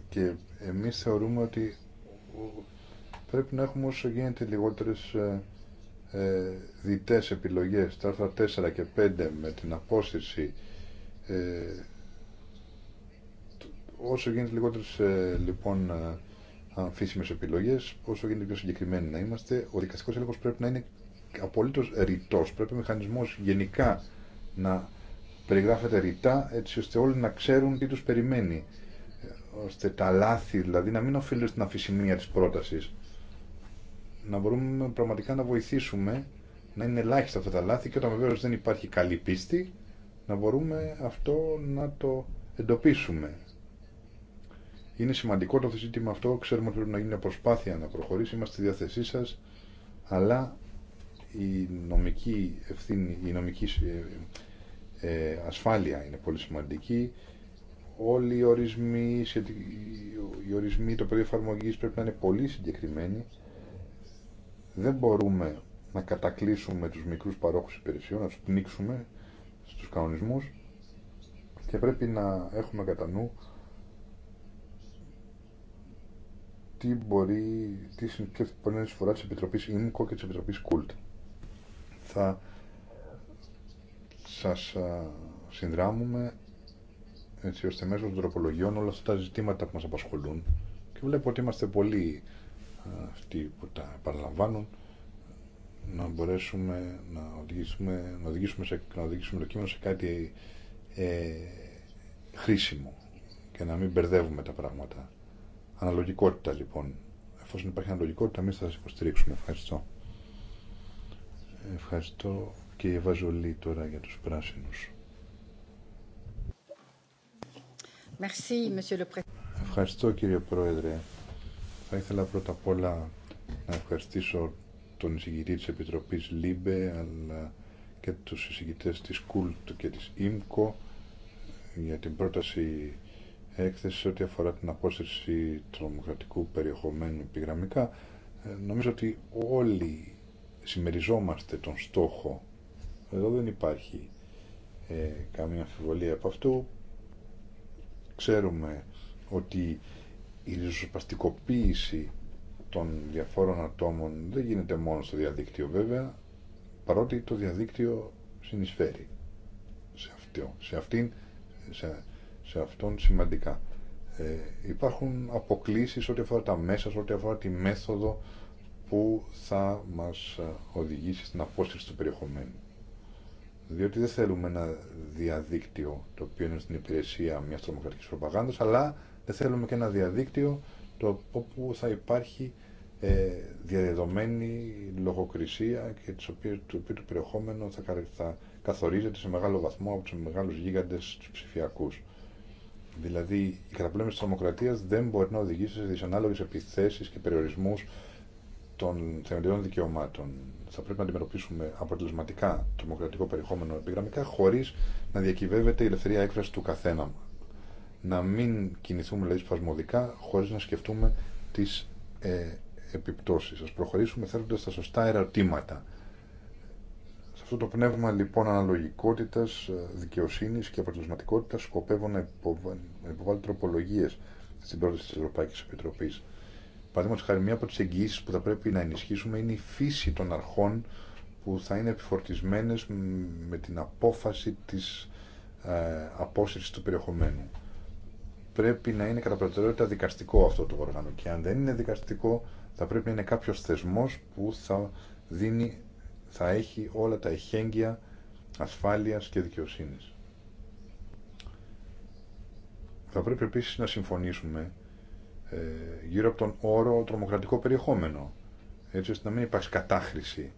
Και εμείς θεωρούμε ότι πρέπει να έχουμε όσο γίνεται λιγότερες ε, ε, διτές επιλογές, τα άρθρα 4 και 5 με την απόσυρση ε, όσο γίνεται λιγότερες ε, λοιπόν ε, αμφίσιμες επιλογές, όσο γίνεται πιο συγκεκριμένοι να είμαστε, ο δικαστικός έλεγχος πρέπει να είναι απολύτως ρητός, πρέπει ο μηχανισμός γενικά να περιγράφεται ρητά έτσι ώστε όλοι να ξέρουν τι τους περιμένει ε, ώστε τα λάθη δηλαδή να μην οφείλουν στην αφησιμία της πρότασης να μπορούμε πραγματικά να βοηθήσουμε να είναι ελάχιστα αυτά τα λάθη και όταν βεβαίω δεν υπάρχει καλή πίστη να μπορούμε αυτό να το εντοπίσουμε. Είναι σημαντικό το ζήτημα αυτό, ξέρουμε ότι πρέπει να γίνει μια προσπάθεια να προχωρήσει, είμαστε στη διάθεσή σας, αλλά η νομική ευθύνη, η νομική ε, ε, ασφάλεια είναι πολύ σημαντική. Όλοι οι ορισμοί, οι ορισμοί, το περίφαρμογής πρέπει να είναι πολύ συγκεκριμένοι δεν μπορούμε να κατακλείσουμε τους μικρούς παρόχους υπηρεσιών, να τους πνίξουμε στους κανονισμούς και πρέπει να έχουμε κατά νου τι μπορεί, τι μπορεί να συμφορά της Επιτροπής ΙΜΚΟ και της Επιτροπής ΚΟΥΛΤ. Θα σας συνδράμουμε έτσι ώστε μέσω των τροπολογιών όλα αυτά τα ζητήματα που μας απασχολούν και βλέπω ότι είμαστε πολύ αυτοί που τα παραλαμβάνουν να μπορέσουμε να οδηγήσουμε, να οδηγήσουμε, σε, να οδηγήσουμε το κείμενο σε κάτι ε, χρήσιμο και να μην μπερδεύουμε τα πράγματα. Αναλογικότητα λοιπόν. Εφόσον υπάρχει αναλογικότητα, εμεί θα σα υποστηρίξουμε. Ευχαριστώ. Ευχαριστώ και Βαζολή τώρα για τους πράσινους. Ευχαριστώ κύριε Πρόεδρε. Θα ήθελα πρώτα απ' όλα να ευχαριστήσω τον εισηγητή της Επιτροπής ΛΥΜΠΕ αλλά και τους εισηγητές της ΚΟΥΛΤ και της ΙΜΚΟ για την πρόταση έκθεση ό,τι αφορά την απόσταση τρομοκρατικού περιεχομένου επιγραμμικά. Ε, νομίζω ότι όλοι συμμεριζόμαστε τον στόχο. Εδώ δεν υπάρχει ε, καμία αμφιβολία από αυτού. Ξέρουμε ότι η ριζοσπαστικοποίηση των διαφόρων ατόμων δεν γίνεται μόνο στο διαδίκτυο βέβαια, παρότι το διαδίκτυο συνεισφέρει σε, αυτό, σε, αυτήν, σε, σε αυτόν σημαντικά. Ε, υπάρχουν αποκλήσεις ό,τι αφορά τα μέσα, ό,τι αφορά τη μέθοδο που θα μας ε, οδηγήσει στην απόσυρση του περιεχομένου. Διότι δεν θέλουμε ένα διαδίκτυο το οποίο είναι στην υπηρεσία μιας τρομοκρατικής προπαγάνδας, αλλά δεν θέλουμε και ένα διαδίκτυο το, όπου θα υπάρχει ε, διαδεδομένη λογοκρισία και τις οποίες, το οποίο το περιεχόμενο θα, θα καθορίζεται σε μεγάλο βαθμό από τους μεγάλους γίγαντες τους ψηφιακούς. Δηλαδή, η καταπλέμιση της δημοκρατίας δεν μπορεί να οδηγήσει σε δυσανάλογες επιθέσεις και περιορισμούς των θεμελιών δικαιωμάτων. Θα πρέπει να αντιμετωπίσουμε αποτελεσματικά δημοκρατικό περιεχόμενο επιγραμμικά, χωρίς να διακυβεύεται η ελευθερία έκφραση του καθένα να μην κινηθούμε δηλαδή σπασμωδικά χωρίς να σκεφτούμε τις ε, επιπτώσεις. Ας προχωρήσουμε θέλοντας τα σωστά ερωτήματα. Σε αυτό το πνεύμα λοιπόν αναλογικότητας, ε, δικαιοσύνης και αποτελεσματικότητας σκοπεύω να υποβάλω τροπολογίες στην πρόταση της Ευρωπαϊκής Επιτροπής. Παραδείγματο χάρη, μία από τι εγγυήσει που θα πρέπει να ενισχύσουμε είναι η φύση των αρχών που θα είναι επιφορτισμένε με την απόφαση τη ε, απόσυρση του περιεχομένου πρέπει να είναι κατά προτεραιότητα δικαστικό αυτό το όργανο. Και αν δεν είναι δικαστικό, θα πρέπει να είναι κάποιο θεσμό που θα δίνει, θα έχει όλα τα εχέγγυα ασφάλεια και δικαιοσύνη. Θα πρέπει επίση να συμφωνήσουμε ε, γύρω από τον όρο τρομοκρατικό περιεχόμενο, έτσι ώστε να μην υπάρξει κατάχρηση.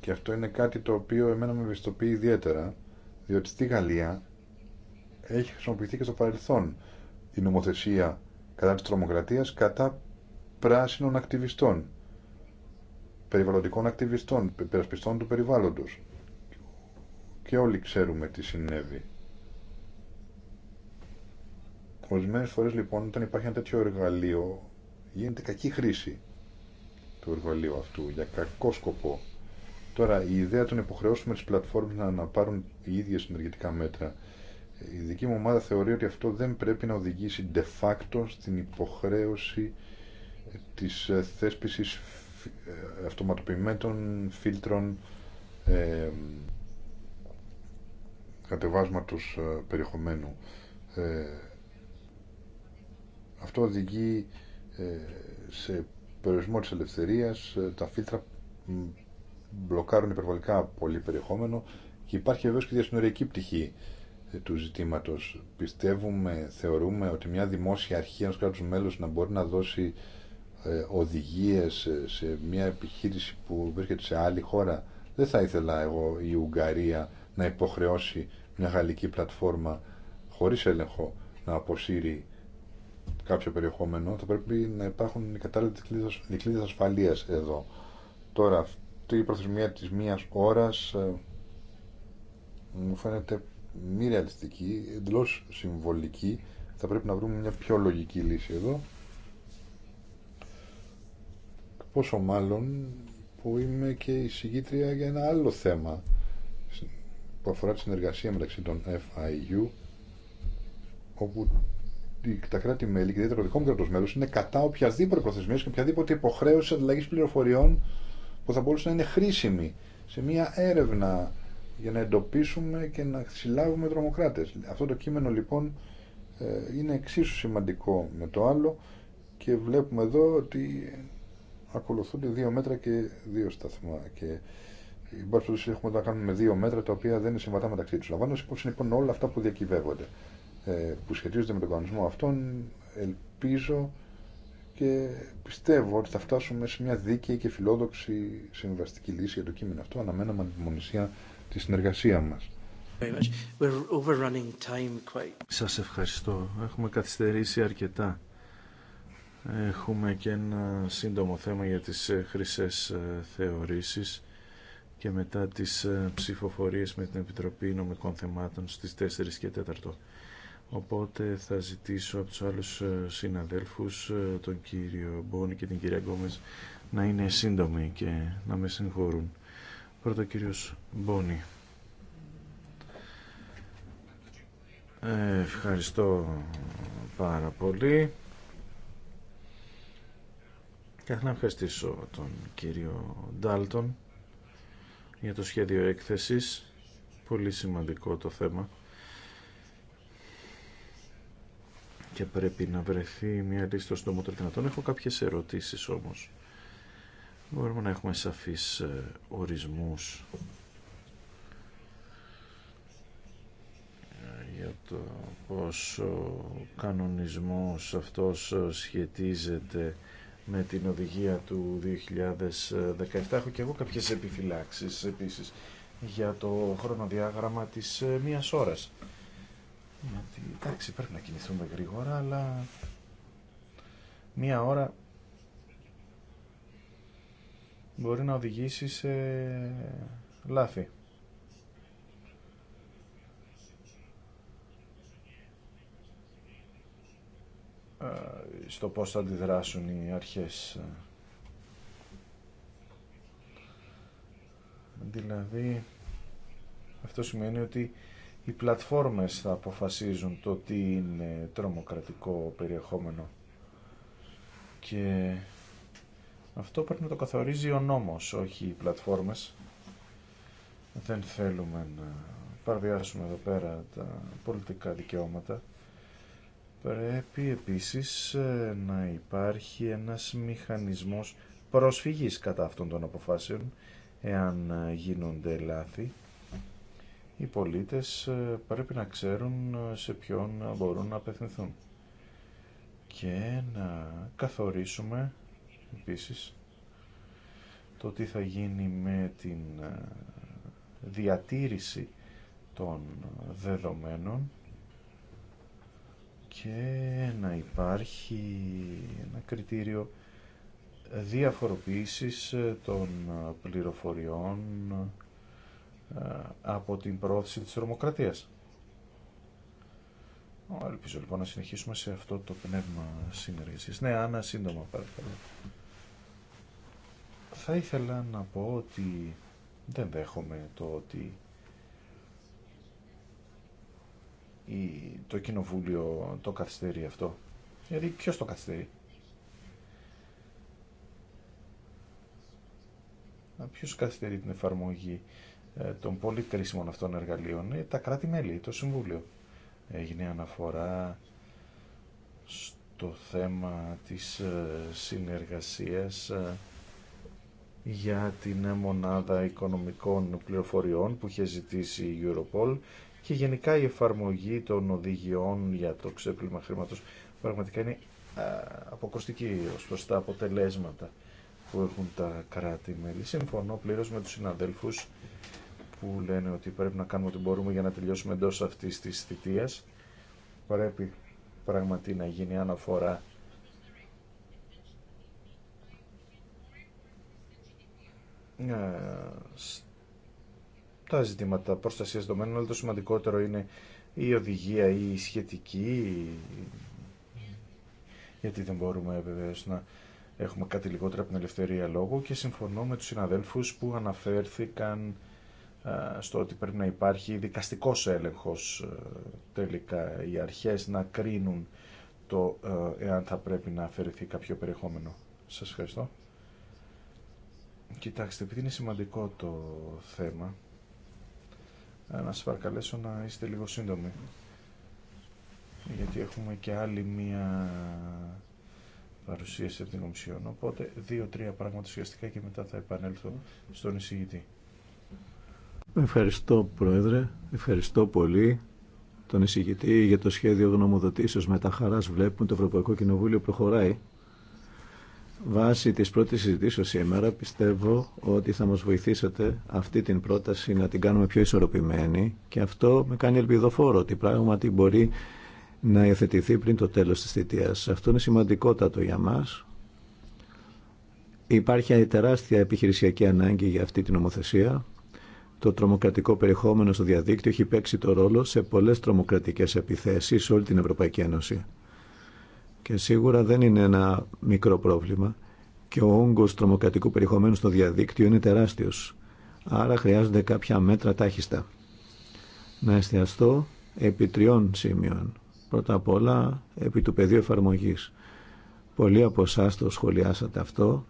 Και αυτό είναι κάτι το οποίο εμένα με ευαισθητοποιεί ιδιαίτερα, διότι στη Γαλλία έχει χρησιμοποιηθεί και στο παρελθόν η νομοθεσία κατά της τρομοκρατίας κατά πράσινων ακτιβιστών, περιβαλλοντικών ακτιβιστών, περασπιστών του περιβάλλοντος. Και όλοι ξέρουμε τι συνέβη. Ορισμένε φορέ λοιπόν, όταν υπάρχει ένα τέτοιο εργαλείο, γίνεται κακή χρήση του εργαλείου αυτού για κακό σκοπό. Τώρα, η ιδέα των υποχρεώσουμε τι πλατφόρμες να πάρουν οι ίδιε συνεργετικά μέτρα η δική μου ομάδα θεωρεί ότι αυτό δεν πρέπει να οδηγήσει de facto στην υποχρέωση της ε, θέσπισης ε, αυτοματοποιημένων φίλτρων ε, κατεβάσματος ε, περιεχομένου. αυτό οδηγεί σε περιορισμό της ελευθερίας, τα φίλτρα μπλοκάρουν υπερβολικά πολύ περιεχόμενο και υπάρχει βεβαίως και διασυνοριακή πτυχή του ζητήματος. Πιστεύουμε, θεωρούμε ότι μια δημόσια αρχή ενός κράτους μέλους να μπορεί να δώσει ε, οδηγίες σε μια επιχείρηση που βρίσκεται σε άλλη χώρα. Δεν θα ήθελα εγώ η Ουγγαρία να υποχρεώσει μια γαλλική πλατφόρμα χωρίς έλεγχο να αποσύρει κάποιο περιεχόμενο. Θα πρέπει να υπάρχουν οι κατάλληλες δικλείδες ασφαλείας εδώ. Τώρα αυτή η προθεσμία της μίας ώρας ε, μου φαίνεται μη ρεαλιστική, εντελώ συμβολική. Θα πρέπει να βρούμε μια πιο λογική λύση εδώ. Πόσο μάλλον που είμαι και η συγκήτρια για ένα άλλο θέμα που αφορά τη συνεργασία μεταξύ των FIU όπου τα κράτη-μέλη και ιδιαίτερα το δικό μου κράτο είναι κατά οποιασδήποτε προθεσμία και οποιαδήποτε υποχρέωση ανταλλαγή πληροφοριών που θα μπορούσε να είναι χρήσιμη σε μια έρευνα για να εντοπίσουμε και να συλλάβουμε τρομοκράτες. Αυτό το κείμενο λοιπόν ε, είναι εξίσου σημαντικό με το άλλο και βλέπουμε εδώ ότι ακολουθούνται δύο μέτρα και δύο σταθμά και υπάρχει έχουμε να κάνουμε με δύο μέτρα τα οποία δεν είναι συμβατά μεταξύ τους. Λαμβάνω υπόψη λοιπόν όλα αυτά που διακυβεύονται ε, που σχετίζονται με τον κανονισμό αυτόν ελπίζω και πιστεύω ότι θα φτάσουμε σε μια δίκαιη και φιλόδοξη συμβαστική λύση για το κείμενο αυτό. Αναμένω με ανυπομονησία τη συνεργασία μας. Σας ευχαριστώ. Έχουμε καθυστερήσει αρκετά. Έχουμε και ένα σύντομο θέμα για τις ε, χρυσές ε, θεωρήσεις και μετά τις ε, ψηφοφορίες με την Επιτροπή Νομικών Θεμάτων στις 4 και 4. Οπότε θα ζητήσω από τους άλλους συναδέλφους, τον κύριο Μπόνη και την κυρία Γκόμες, να είναι σύντομοι και να με συγχωρούν. Πρώτα ο κύριος Μπόνι. Ε, ευχαριστώ πάρα πολύ. Και να ευχαριστήσω τον κύριο Ντάλτον για το σχέδιο έκθεσης. Πολύ σημαντικό το θέμα. Και πρέπει να βρεθεί μια λίστα στο στόμα δυνατόν. Έχω κάποιες ερωτήσεις όμως. Μπορούμε να έχουμε σαφείς ε, ορισμούς ε, για το πως ο κανονισμός αυτός ε, σχετίζεται με την οδηγία του 2017. Έχω και εγώ κάποιες επιφυλάξεις επίσης για το χρονοδιάγραμμα της μίας ώρας. Γιατί, εντάξει, πρέπει να κινηθούμε γρήγορα, αλλά μία ώρα μπορεί να οδηγήσει σε λάθη. Ε, στο πώς θα αντιδράσουν οι αρχές. Δηλαδή, αυτό σημαίνει ότι οι πλατφόρμες θα αποφασίζουν το τι είναι τρομοκρατικό περιεχόμενο και αυτό πρέπει να το καθορίζει ο νόμος, όχι οι πλατφόρμες. Δεν θέλουμε να παραβιάσουμε εδώ πέρα τα πολιτικά δικαιώματα. Πρέπει επίσης ε, να υπάρχει ένας μηχανισμός προσφυγής κατά αυτών των αποφάσεων, εάν ε, γίνονται λάθη. Οι πολίτες ε, πρέπει να ξέρουν σε ποιον μπορούν να απευθυνθούν και να καθορίσουμε επίσης το τι θα γίνει με την ε, διατήρηση των ε, δεδομένων και να υπάρχει ένα κριτήριο διαφοροποίησης ε, των πληροφοριών από την πρόθεση της τρομοκρατίας. Ελπίζω λοιπόν να συνεχίσουμε σε αυτό το πνεύμα συνεργασίας. Ναι, Άννα, σύντομα παρακαλώ. Θα ήθελα να πω ότι δεν δέχομαι το ότι το κοινοβούλιο το καθυστερεί αυτό. Γιατί ποιος το καθυστερεί. Ποιος καθυστερεί την εφαρμογή ε, των πολύ κρίσιμων αυτών εργαλείων. Ε, τα κράτη-μέλη, το Συμβούλιο. Έγινε αναφορά στο θέμα της ε, συνεργασίας για την Μονάδα Οικονομικών Πληροφοριών που είχε ζητήσει η Europol και γενικά η εφαρμογή των οδηγιών για το ξέπλυμα χρήματος πραγματικά είναι αποκοστική ως προς τα αποτελέσματα που έχουν τα κράτη-μέλη. Συμφωνώ πλήρως με τους συναδέλφους που λένε ότι πρέπει να κάνουμε ό,τι μπορούμε για να τελειώσουμε εντός αυτής της θητείας. Πρέπει πραγματικά να γίνει αναφορά Ε, τα ζητήματα προστασίας δεδομένων αλλά το σημαντικότερο είναι η οδηγία ή η σχετική, γιατί δεν μπορούμε βεβαίως να έχουμε κάτι λιγότερο από την ελευθερία λόγου και συμφωνώ με τους συναδέλφους που αναφέρθηκαν ε, στο ότι πρέπει να υπάρχει δικαστικός έλεγχος ε, τελικά οι αρχές να κρίνουν το εάν θα πρέπει να αφαιρεθεί κάποιο περιεχόμενο. Σας ευχαριστώ. Κοιτάξτε, επειδή είναι σημαντικό το θέμα, ε, να σας παρακαλέσω να είστε λίγο σύντομοι. Γιατί έχουμε και άλλη μία παρουσίαση από την Κομισιόν. Οπότε δύο-τρία πράγματα ουσιαστικά και μετά θα επανέλθω στον εισηγητή. Ευχαριστώ Πρόεδρε, ευχαριστώ πολύ τον εισηγητή για το σχέδιο γνωμοδοτήσεως. Με τα χαράς βλέπουν το Ευρωπαϊκό Κοινοβούλιο προχωράει Βάση της πρώτης συζητήσεως σήμερα πιστεύω ότι θα μας βοηθήσετε αυτή την πρόταση να την κάνουμε πιο ισορροπημένη και αυτό με κάνει ελπιδοφόρο ότι πράγματι μπορεί να υιοθετηθεί πριν το τέλος της θητείας. Αυτό είναι σημαντικότατο για μας. Υπάρχει τεράστια επιχειρησιακή ανάγκη για αυτή την νομοθεσία. Το τρομοκρατικό περιεχόμενο στο διαδίκτυο έχει παίξει το ρόλο σε πολλές τρομοκρατικές επιθέσεις σε όλη την Ευρωπαϊκή Ένωση και σίγουρα δεν είναι ένα μικρό πρόβλημα και ο όγκος τρομοκρατικού περιεχομένου στο διαδίκτυο είναι τεράστιος. Άρα χρειάζονται κάποια μέτρα τάχιστα. Να εστιαστώ επί τριών σημείων. Πρώτα απ' όλα επί του πεδίου εφαρμογής. Πολλοί από εσά το σχολιάσατε αυτό.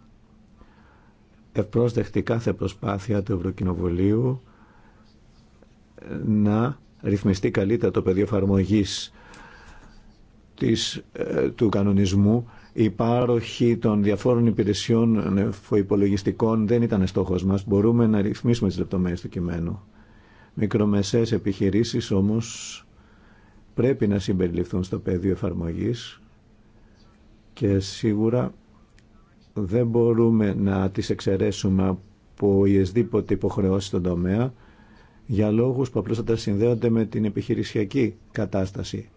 Ευπρόσδεκτη κάθε προσπάθεια του Ευρωκοινοβουλίου να ρυθμιστεί καλύτερα το πεδίο εφαρμογής της, ε, του κανονισμού η πάροχη των διαφόρων υπηρεσιών νεφοϋπολογιστικών δεν ήταν στόχος μας. Μπορούμε να ρυθμίσουμε τις λεπτομέρειες του κειμένου. Μικρομεσαίες επιχειρήσεις όμως πρέπει να συμπεριληφθούν στο πεδίο εφαρμογής και σίγουρα δεν μπορούμε να τις εξαιρέσουμε από ιεσδήποτε υποχρεώσει στον τομέα για λόγους που απλώς θα τα συνδέονται με την επιχειρησιακή κατάσταση.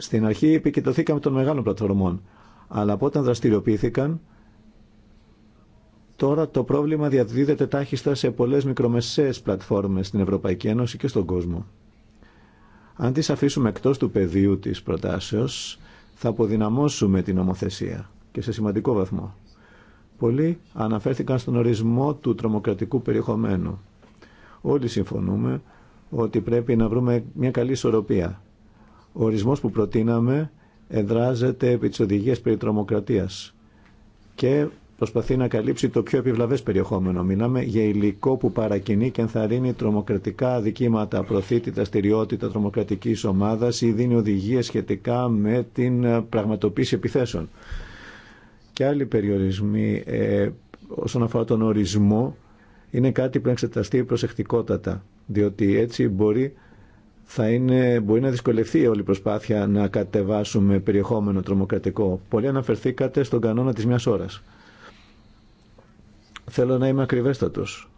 Στην αρχή επικοινωθήκαμε των μεγάλων πλατφορμών, αλλά από όταν δραστηριοποιήθηκαν, τώρα το πρόβλημα διαδίδεται τάχιστα σε πολλές μικρομεσαίες πλατφόρμες στην Ευρωπαϊκή Ένωση και στον κόσμο. Αν τις αφήσουμε εκτός του πεδίου της προτάσεως, θα αποδυναμώσουμε την νομοθεσία και σε σημαντικό βαθμό. Πολλοί αναφέρθηκαν στον ορισμό του τρομοκρατικού περιεχομένου. Όλοι συμφωνούμε ότι πρέπει να βρούμε μια καλή ισορροπία ο ορισμός που προτείναμε εδράζεται επί της οδηγίας περί τρομοκρατίας και προσπαθεί να καλύψει το πιο επιβλαβές περιεχόμενο. Μιλάμε για υλικό που παρακινεί και ενθαρρύνει τρομοκρατικά αδικήματα, προωθεί τη δραστηριότητα τρομοκρατικής ομάδας ή δίνει οδηγίες σχετικά με την ε, πραγματοποίηση επιθέσεων. Και άλλοι περιορισμοί ε, όσον αφορά τον ορισμό είναι κάτι που να εξεταστεί προσεκτικότατα, διότι έτσι μπορεί θα είναι, μπορεί να δυσκολευτεί όλη η προσπάθεια να κατεβάσουμε περιεχόμενο τρομοκρατικό. Πολλοί αναφερθήκατε στον κανόνα της μιας ώρας. Θέλω να είμαι ακριβέστατος.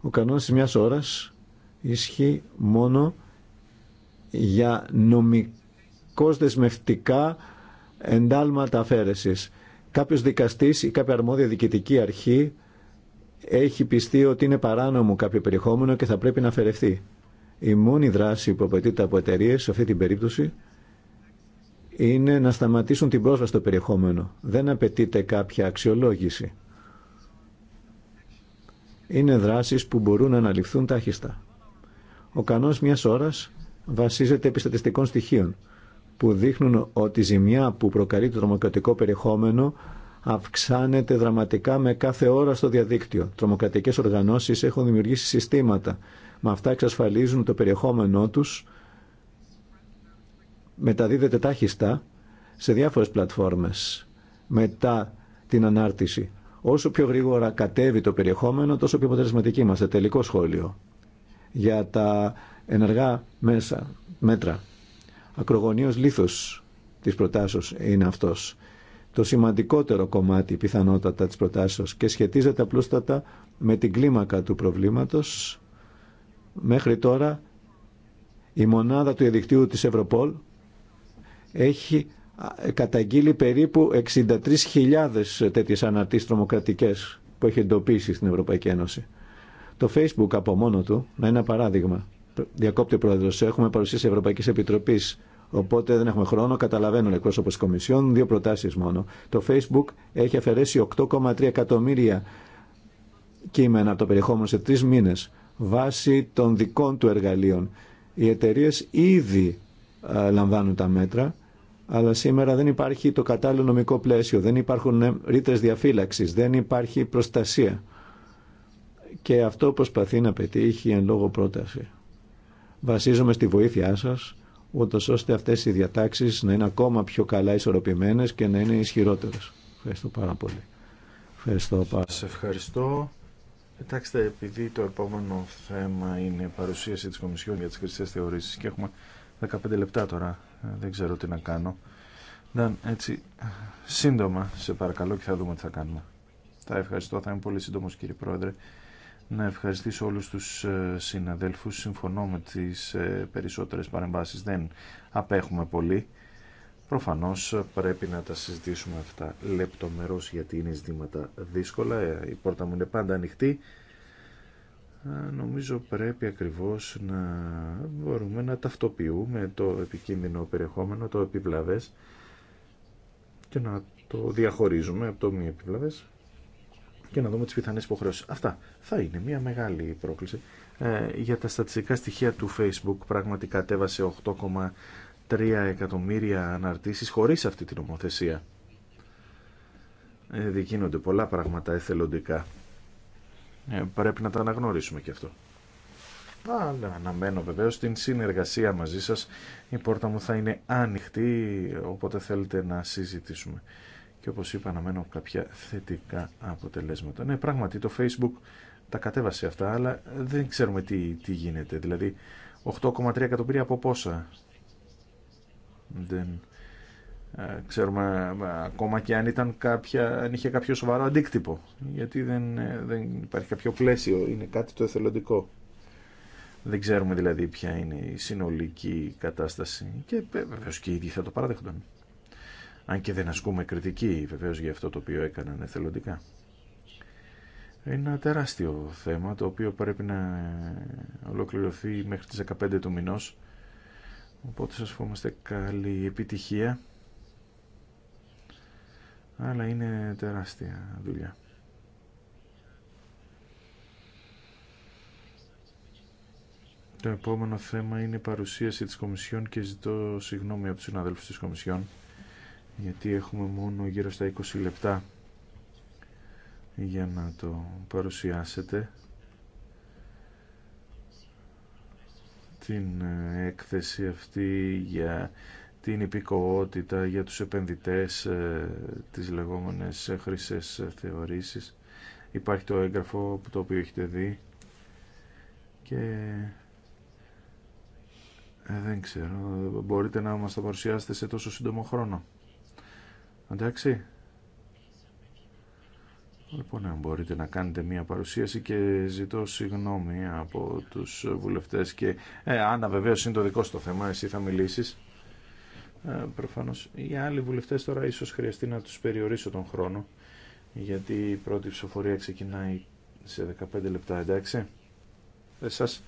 Ο κανόνας της μιας ώρας ισχύει μόνο για νομικώς δεσμευτικά εντάλματα αφαίρεσης. Κάποιος δικαστής ή κάποια αρμόδια διοικητική αρχή έχει πιστεί ότι είναι παράνομο κάποιο περιεχόμενο και θα πρέπει να αφαιρεθεί. Η μόνη δράση που απαιτείται από εταιρείε σε αυτή την περίπτωση είναι να σταματήσουν την πρόσβαση στο περιεχόμενο. Δεν απαιτείται κάποια αξιολόγηση. Είναι δράσεις που μπορούν να αναλυφθούν τάχιστα. Ο κανόνας μιας ώρας βασίζεται επί στατιστικών στοιχείων που δείχνουν ότι η ζημιά που προκαλεί το τρομοκρατικό περιεχόμενο αυξάνεται δραματικά με κάθε ώρα στο διαδίκτυο. Τρομοκρατικές οργανώσεις έχουν δημιουργήσει συστήματα με αυτά εξασφαλίζουν το περιεχόμενό τους, μεταδίδεται τάχιστα σε διάφορες πλατφόρμες μετά την ανάρτηση. Όσο πιο γρήγορα κατέβει το περιεχόμενο, τόσο πιο αποτελεσματική είμαστε. Τελικό σχόλιο για τα ενεργά μέσα, μέτρα. Ακρογωνίος λίθος της προτάσεως είναι αυτός. Το σημαντικότερο κομμάτι πιθανότατα της προτάσεως και σχετίζεται απλούστατα με την κλίμακα του προβλήματος Μέχρι τώρα η μονάδα του διαδικτύου της Ευρωπόλ έχει καταγγείλει περίπου 63.000 τέτοιες αναρτήσεις τρομοκρατικές που έχει εντοπίσει στην Ευρωπαϊκή Ένωση. Το Facebook από μόνο του, να είναι ένα παράδειγμα, διακόπτει ο Πρόεδρος, έχουμε παρουσίαση Ευρωπαϊκής Επιτροπής, οπότε δεν έχουμε χρόνο, καταλαβαίνουν εκπρόσωπος της Κομισιόν, δύο προτάσεις μόνο. Το Facebook έχει αφαιρέσει 8,3 εκατομμύρια κείμενα από το περιεχόμενο σε τρει μήνες βάσει των δικών του εργαλείων. Οι εταιρείε ήδη ε, λαμβάνουν τα μέτρα, αλλά σήμερα δεν υπάρχει το κατάλληλο νομικό πλαίσιο, δεν υπάρχουν ε, ρήτρε διαφύλαξη, δεν υπάρχει προστασία. Και αυτό προσπαθεί να πετύχει εν λόγω πρόταση. Βασίζομαι στη βοήθειά σας, ούτω ώστε αυτές οι διατάξει να είναι ακόμα πιο καλά ισορροπημένε και να είναι ισχυρότερε. Ευχαριστώ πάρα πολύ. Ευχαριστώ πάρα. Σας ευχαριστώ. Κοιτάξτε, επειδή το επόμενο θέμα είναι η παρουσίαση της Κομισιόν για τις Χρυσέ Θεωρήσει και έχουμε 15 λεπτά τώρα, ε, δεν ξέρω τι να κάνω. Ναι, έτσι, σύντομα, σε παρακαλώ και θα δούμε τι θα κάνουμε. Θα ευχαριστώ, θα είμαι πολύ σύντομο, κύριε Πρόεδρε. Να ευχαριστήσω όλους τους ε, συναδέλφους. Συμφωνώ με τι ε, περισσότερε παρεμβάσει Δεν απέχουμε πολύ. Προφανώς πρέπει να τα συζητήσουμε αυτά λεπτομερώς γιατί είναι ζητήματα δύσκολα. Ε, η πόρτα μου είναι πάντα ανοιχτή. Ε, νομίζω πρέπει ακριβώς να μπορούμε να ταυτοποιούμε το επικίνδυνο περιεχόμενο, το επιβλαβές και να το διαχωρίζουμε από το μη επιβλαβές και να δούμε τις πιθανές υποχρεώσεις. Αυτά θα είναι μια μεγάλη πρόκληση. Ε, για τα στατιστικά στοιχεία του Facebook πραγματικά κατέβασε εκατομμύρια αναρτήσεις χωρίς αυτή την ομοθεσία. Ε, πολλά πράγματα εθελοντικά. Ε, πρέπει να τα αναγνωρίσουμε και αυτό. Αλλά αναμένω βεβαίως την συνεργασία μαζί σας. Η πόρτα μου θα είναι άνοιχτη, όποτε θέλετε να συζητήσουμε. Και όπως είπα, αναμένω κάποια θετικά αποτελέσματα. Ναι, πράγματι το Facebook τα κατέβασε αυτά, αλλά δεν ξέρουμε τι, τι γίνεται. Δηλαδή, 8,3 εκατομμύρια από πόσα δεν ξέρουμε ακόμα και αν, ήταν κάποια, αν είχε κάποιο σοβαρό αντίκτυπο. Γιατί δεν, ε, δεν υπάρχει κάποιο πλαίσιο, είναι κάτι το εθελοντικό. Δεν ξέρουμε δηλαδή ποια είναι η συνολική κατάσταση και ε, βεβαίω και οι ίδιοι θα το παραδεχτούν. Αν και δεν ασκούμε κριτική βεβαίω για αυτό το οποίο έκαναν εθελοντικά. Είναι ένα τεράστιο θέμα το οποίο πρέπει να ε, ολοκληρωθεί μέχρι τις 15 του μηνός Οπότε σας ευχόμαστε καλή επιτυχία. Αλλά είναι τεράστια δουλειά. Το επόμενο θέμα είναι η παρουσίαση της Κομισιόν και ζητώ συγγνώμη από τους συναδέλφους της Κομισιόν γιατί έχουμε μόνο γύρω στα 20 λεπτά για να το παρουσιάσετε. την ε, έκθεση αυτή για την υπηκοότητα, για τους επενδυτές, ε, τις λεγόμενες χρυσές θεωρήσεις. Υπάρχει το έγγραφο το οποίο έχετε δει και ε, δεν ξέρω, μπορείτε να μας τα παρουσιάσετε σε τόσο σύντομο χρόνο. Εντάξει. Λοιπόν, αν μπορείτε να κάνετε μία παρουσίαση και ζητώ συγγνώμη από τους βουλευτές και ε, Άννα βεβαίως είναι το δικό σου το θέμα, εσύ θα μιλήσεις. Ε, προφανώς οι άλλοι βουλευτές τώρα ίσως χρειαστεί να τους περιορίσω τον χρόνο γιατί η πρώτη ψηφοφορία ξεκινάει σε 15 λεπτά, εντάξει. Εσάς.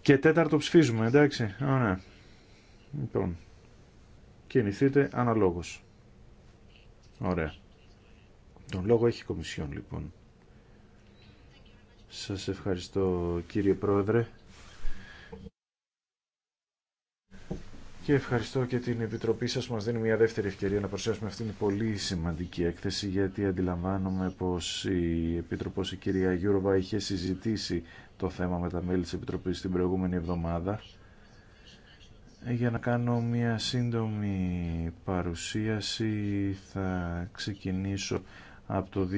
Και τέταρτο ψηφίζουμε, εντάξει. Ωραία. Λοιπόν, κινηθείτε αναλόγως. Ωραία. Τον λόγο έχει η Κομισιόν λοιπόν. Σας ευχαριστώ κύριε Πρόεδρε. Και ευχαριστώ και την Επιτροπή σας που μας δίνει μια δεύτερη ευκαιρία να παρουσιάσουμε αυτήν την πολύ σημαντική έκθεση γιατί αντιλαμβάνομαι πως η Επίτροπος η κυρία Γιούροβα είχε συζητήσει το θέμα με τα μέλη της Επιτροπής την προηγούμενη εβδομάδα για να κάνω μια σύντομη παρουσίαση θα ξεκινήσω από το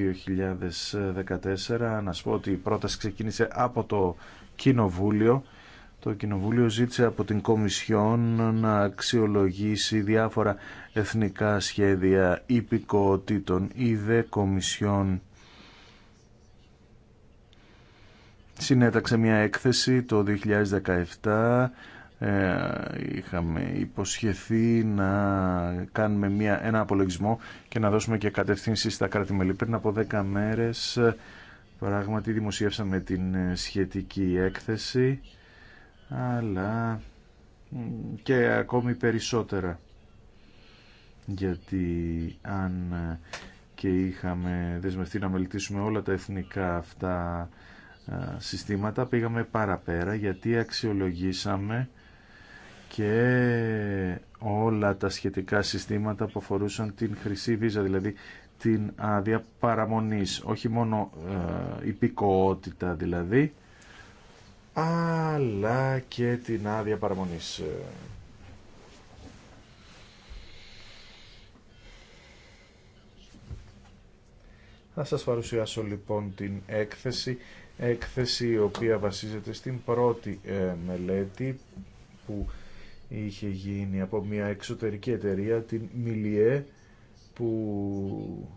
2014. Να σου πω ότι η πρόταση ξεκίνησε από το Κοινοβούλιο. Το Κοινοβούλιο ζήτησε από την Κομισιόν να αξιολογήσει διάφορα εθνικά σχέδια υπηκοοτήτων. Η ΔΕ Κομισιόν συνέταξε μια έκθεση το 2017 ε, είχαμε υποσχεθεί να κάνουμε μια, ένα απολογισμό και να δώσουμε και κατευθύνσεις στα κράτη-μέλη. Πριν από 10 μέρες πράγματι δημοσιεύσαμε την ε, σχετική έκθεση αλλά και ακόμη περισσότερα γιατί αν ε, και είχαμε δεσμευτεί να μελετήσουμε όλα τα εθνικά αυτά συστήματα πήγαμε παραπέρα γιατί αξιολογήσαμε και όλα τα σχετικά συστήματα που αφορούσαν την χρυσή βίζα, δηλαδή την άδεια παραμονής, όχι μόνο ε, υπηκοότητα δηλαδή, αλλά και την άδεια παραμονής. Θα σας παρουσιάσω λοιπόν την έκθεση, έκθεση η οποία βασίζεται στην πρώτη ε, μελέτη που είχε γίνει από μια εξωτερική εταιρεία, την Μιλιέ, που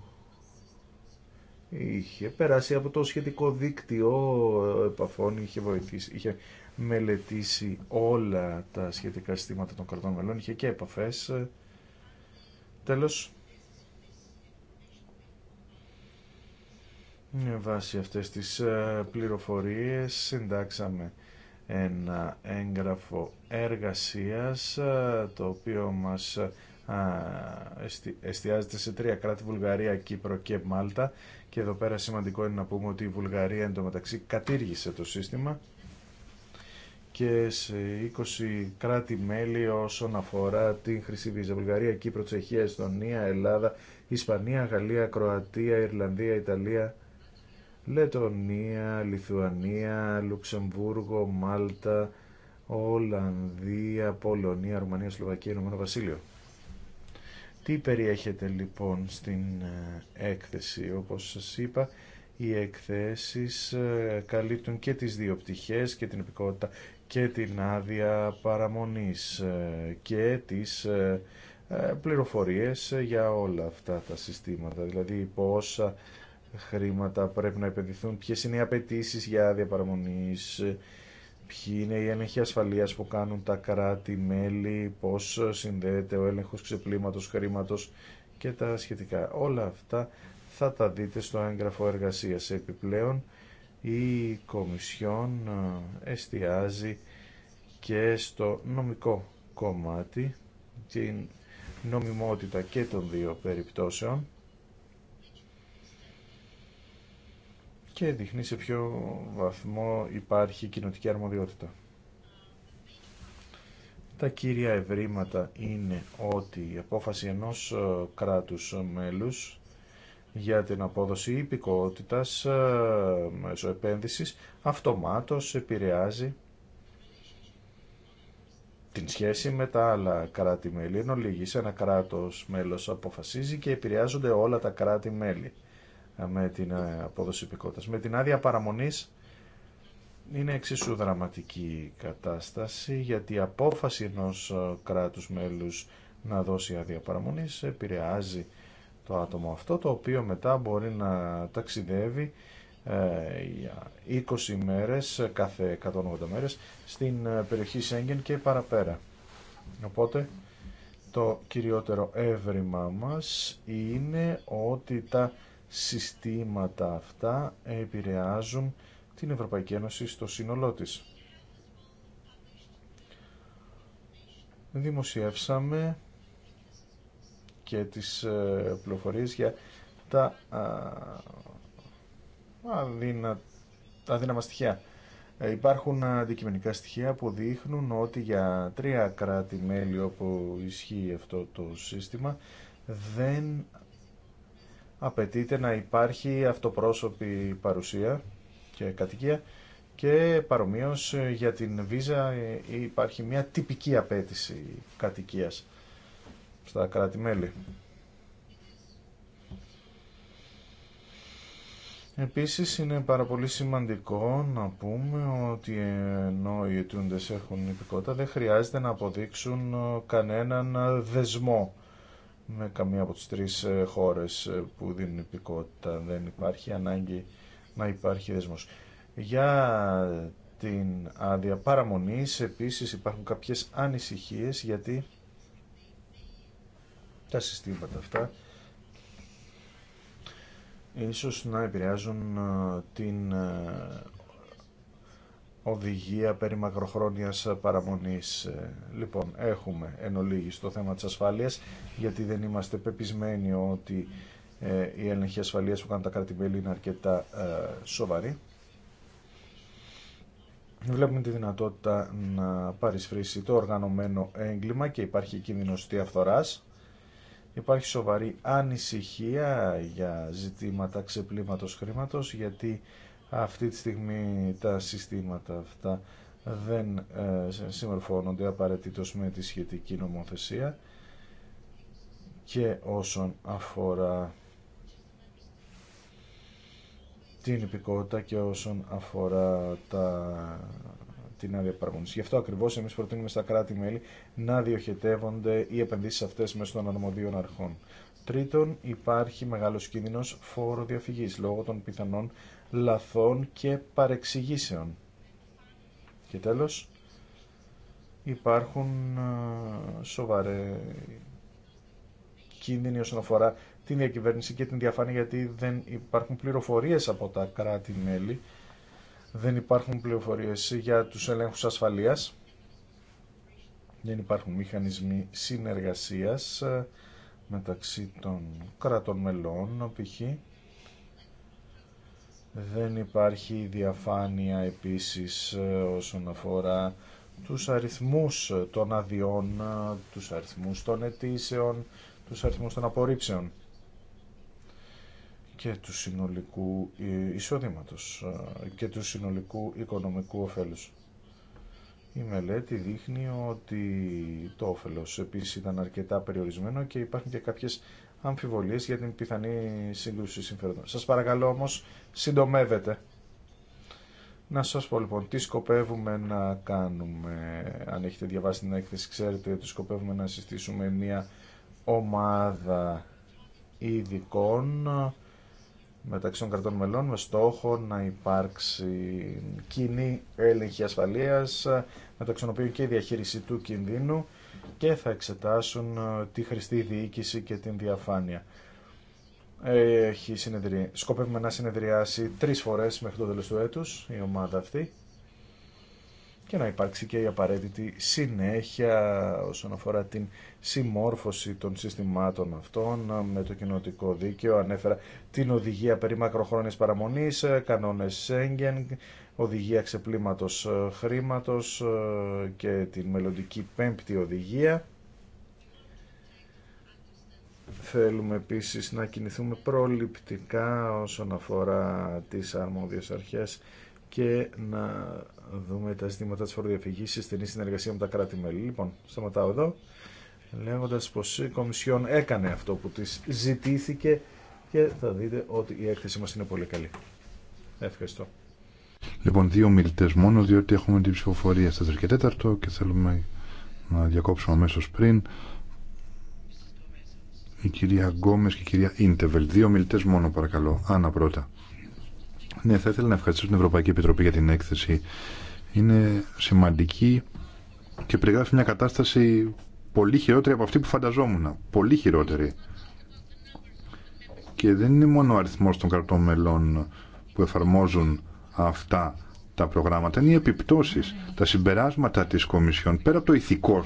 είχε περάσει από το σχετικό δίκτυο επαφών, είχε, βοηθήσει, είχε μελετήσει όλα τα σχετικά συστήματα των κρατών μελών, είχε και επαφές. Τέλος, με βάση αυτές τις ε, πληροφορίες συντάξαμε ένα έγγραφο εργασίας ε, το οποίο μας ε, εστιάζεται σε τρία κράτη, Βουλγαρία, Κύπρο και Μάλτα και εδώ πέρα σημαντικό είναι να πούμε ότι η Βουλγαρία εντωμεταξύ κατήργησε το σύστημα και σε 20 κράτη-μέλη όσον αφορά την χρυσή βίζα. Βουλγαρία, Κύπρο, Τσεχία, Εστονία, Ελλάδα, Ισπανία, Γαλλία, Κροατία, Ιρλανδία, Ιταλία, Λετωνία, Λιθουανία, Λουξεμβούργο, Μάλτα, Ολλανδία, Πολωνία, Ρουμανία, Σλοβακία, Ηνωμένο Βασίλειο. Τι περιέχεται λοιπόν στην ε, έκθεση. Όπως σας είπα, οι εκθέσεις ε, καλύπτουν και τις δύο πτυχές, και την επικότητα και την άδεια παραμονής ε, και τις πληροφορίες για όλα αυτά τα συστήματα. Δηλαδή πόσα χρήματα πρέπει να επενδυθούν, ποιε είναι οι απαιτήσει για άδεια παραμονή, ποιοι είναι οι έλεγχοι ασφαλεία που κάνουν τα κράτη-μέλη, πώ συνδέεται ο έλεγχο ξεπλήματο χρήματο και τα σχετικά. Όλα αυτά θα τα δείτε στο έγγραφο εργασία. Επιπλέον, η Κομισιόν ε, εστιάζει και στο νομικό κομμάτι την νομιμότητα και των δύο περιπτώσεων και δείχνει σε ποιο βαθμό υπάρχει κοινωτική αρμοδιότητα. Τα κύρια ευρήματα είναι ότι η απόφαση ενός ε, κράτους μέλους για την απόδοση υπηκότητας ε, μέσω επένδυσης αυτομάτως επηρεάζει την σχέση με τα άλλα κράτη-μέλη. Εν σε ένα κράτος μέλος αποφασίζει και επηρεάζονται όλα τα κράτη-μέλη με την ε, απόδοση υπηκότητας. Με την άδεια παραμονής είναι εξίσου δραματική κατάσταση γιατί η απόφαση ενός ε, κράτους μέλους να δώσει άδεια παραμονής επηρεάζει το άτομο αυτό το οποίο μετά μπορεί να ταξιδεύει ε, για 20 μέρες κάθε 180 μέρες στην περιοχή Σέγγεν και παραπέρα. Οπότε το κυριότερο έβριμα μας είναι ότι τα συστήματα αυτά επηρεάζουν την Ευρωπαϊκή Ένωση στο σύνολό της. Δημοσιεύσαμε και τις ε, πληροφορίες για τα αδύνα, αδύναμα στοιχεία. Ε, υπάρχουν αντικειμενικά στοιχεία που δείχνουν ότι για τρία κράτη-μέλη όπου ισχύει αυτό το σύστημα δεν απαιτείται να υπάρχει αυτοπρόσωπη παρουσία και κατοικία και παρομοίως ε, για την βίζα ε, υπάρχει μια τυπική απέτηση κατοικίας στα κράτη-μέλη. Επίσης είναι πάρα πολύ σημαντικό να πούμε ότι ενώ οι ετούντες έχουν υπηκότητα δεν χρειάζεται να αποδείξουν ε, κανέναν δεσμό με καμία από τις τρεις ε, χώρες ε, που δίνουν υπηκότητα. Δεν υπάρχει ανάγκη να υπάρχει δεσμός. Για την άδεια παραμονής επίσης υπάρχουν κάποιες ανησυχίες γιατί τα συστήματα αυτά ίσως να επηρεάζουν ε, την οδηγία περί μακροχρόνιας παραμονής. Ε, λοιπόν, έχουμε εν ολίγη στο θέμα της ασφάλειας, γιατί δεν είμαστε πεπισμένοι ότι η ε, έλεγχη ασφαλείας που κάνουν τα κρατη είναι αρκετά ε, σοβαρή. Βλέπουμε τη δυνατότητα να παρισφρήσει το οργανωμένο έγκλημα και υπάρχει κίνδυνος διαφθοράς. Υπάρχει σοβαρή ανησυχία για ζητήματα ξεπλήματος χρήματος, γιατί αυτή τη στιγμή τα συστήματα αυτά δεν ε, συμμορφώνονται απαραίτητος με τη σχετική νομοθεσία και όσον αφορά την υπηκότητα και όσον αφορά τα, την άδεια παραγωγής. Γι' αυτό ακριβώς εμείς προτείνουμε στα κράτη-μέλη να διοχετεύονται οι επενδύσεις αυτές μέσω των αρμοδίων αρχών. Τρίτον, υπάρχει μεγάλος κίνδυνος φόρο διαφυγής λόγω των πιθανών λαθών και παρεξηγήσεων. Και τέλος, υπάρχουν σοβαρέ κίνδυνοι όσον αφορά την διακυβέρνηση και την διαφάνεια γιατί δεν υπάρχουν πληροφορίες από τα κράτη-μέλη, δεν υπάρχουν πληροφορίες για τους ελέγχους ασφαλείας, δεν υπάρχουν μηχανισμοί συνεργασίας ε, μεταξύ των κρατών μελών, π.χ. Δεν υπάρχει διαφάνεια επίσης ε, όσον αφορά τους αριθμούς των αδειών, ε, τους αριθμούς των αιτήσεων, τους αριθμούς των απορρίψεων και του συνολικού ε, εισόδηματος και του συνολικού οικονομικού ωφέλους. Η μελέτη δείχνει ότι το όφελος επίσης ήταν αρκετά περιορισμένο και υπάρχουν και κάποιες αμφιβολίες για την πιθανή σύγκρουση συμφερόντων. Σας παρακαλώ όμως συντομεύετε. Να σας πω λοιπόν τι σκοπεύουμε να κάνουμε. Αν έχετε διαβάσει την έκθεση ξέρετε ότι σκοπεύουμε να συστήσουμε μια ομάδα ειδικών μεταξύ των κρατών μελών με στόχο να υπάρξει κοινή έλεγχη ασφαλείας μεταξύ των οποίων και η διαχείριση του κινδύνου και θα εξετάσουν ε, τη χρηστή διοίκηση και την διαφάνεια. Έχει συνεδρι... Σκοπεύουμε να συνεδριάσει τρεις φορές μέχρι το τέλος του έτους η ομάδα αυτή και να υπάρξει και η απαραίτητη συνέχεια όσον αφορά την συμμόρφωση των συστημάτων αυτών με το κοινοτικό δίκαιο. Ανέφερα την οδηγία περί μακροχρόνιας παραμονής, κανόνες Σέγγεν, οδηγία ξεπλήματος ε, χρήματος ε, και την μελλοντική πέμπτη οδηγία. Θέλουμε επίσης να κινηθούμε προληπτικά όσον αφορά τις αρμόδιες αρχές και να δούμε τα ζητήματα της φοροδιαφυγής στην στενή συνεργασία με τα κράτη-μέλη. Λοιπόν, σταματάω εδώ, λέγοντας πως η Κομισιόν έκανε αυτό που της ζητήθηκε και θα δείτε ότι η έκθεση μας είναι πολύ καλή. Ευχαριστώ. Λοιπόν, δύο μιλητέ μόνο, διότι έχουμε την ψηφοφορία στα 3 και 4 και θέλουμε να διακόψουμε αμέσω πριν. Η κυρία Γκόμε και η κυρία Ίντεβελ. Δύο μιλητέ μόνο, παρακαλώ. Άννα πρώτα. Ναι, θα ήθελα να ευχαριστήσω την Ευρωπαϊκή Επιτροπή για την έκθεση. Είναι σημαντική και περιγράφει μια κατάσταση πολύ χειρότερη από αυτή που φανταζόμουν. Πολύ χειρότερη. Και δεν είναι μόνο ο αριθμό των κρατών μελών που εφαρμόζουν αυτά τα προγράμματα είναι οι επιπτώσεις, τα συμπεράσματα της Κομισιόν, πέρα από το ηθικό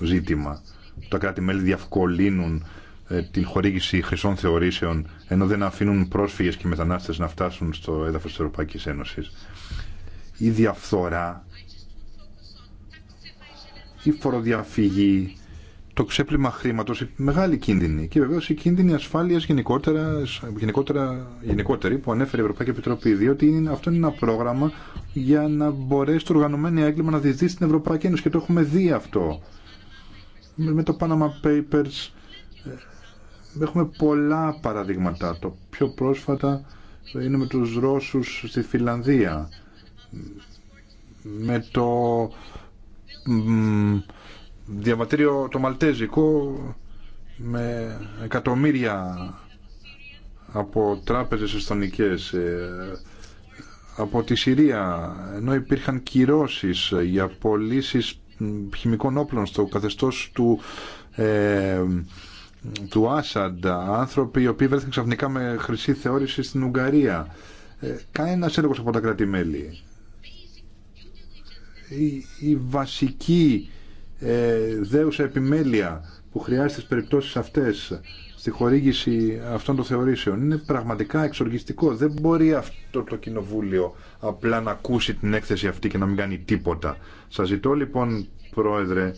ζήτημα που τα κράτη-μέλη διαυκολύνουν ε, την χορήγηση χρυσών θεωρήσεων ενώ δεν αφήνουν πρόσφυγες και μετανάστες να φτάσουν στο έδαφος της Ευρωπαϊκής Ένωσης. Η διαφθορά, η φοροδιαφυγή, το ξέπλυμα χρήματο, η μεγάλη κίνδυνη και βεβαίω η κίνδυνη ασφάλεια γενικότερα, γενικότερα, γενικότερη που ανέφερε η Ευρωπαϊκή Επιτροπή, διότι είναι, αυτό είναι ένα πρόγραμμα για να μπορέσει το οργανωμένο έγκλημα να διδεί στην Ευρωπαϊκή Ένωση και το έχουμε δει αυτό. Με το Panama Papers ε, έχουμε πολλά παραδείγματα. Το πιο πρόσφατα είναι με τους Ρώσους στη Φιλανδία. Με το διαβατήριο το μαλτέζικο με εκατομμύρια από τράπεζες εστονικές ε, από τη Συρία ενώ υπήρχαν κυρώσεις για πωλήσει χημικών όπλων στο καθεστώς του ε, του Άσαντ άνθρωποι οι οποίοι βρέθηκαν ξαφνικά με χρυσή θεώρηση στην Ουγγαρία ε, κανένας από τα κράτη-μέλη η, η βασική ε, δέουσα επιμέλεια που χρειάζεται στις περιπτώσεις αυτές στη χορήγηση αυτών των θεωρήσεων. Είναι πραγματικά εξοργιστικό. Δεν μπορεί αυτό το κοινοβούλιο απλά να ακούσει την έκθεση αυτή και να μην κάνει τίποτα. Σας ζητώ λοιπόν, Πρόεδρε,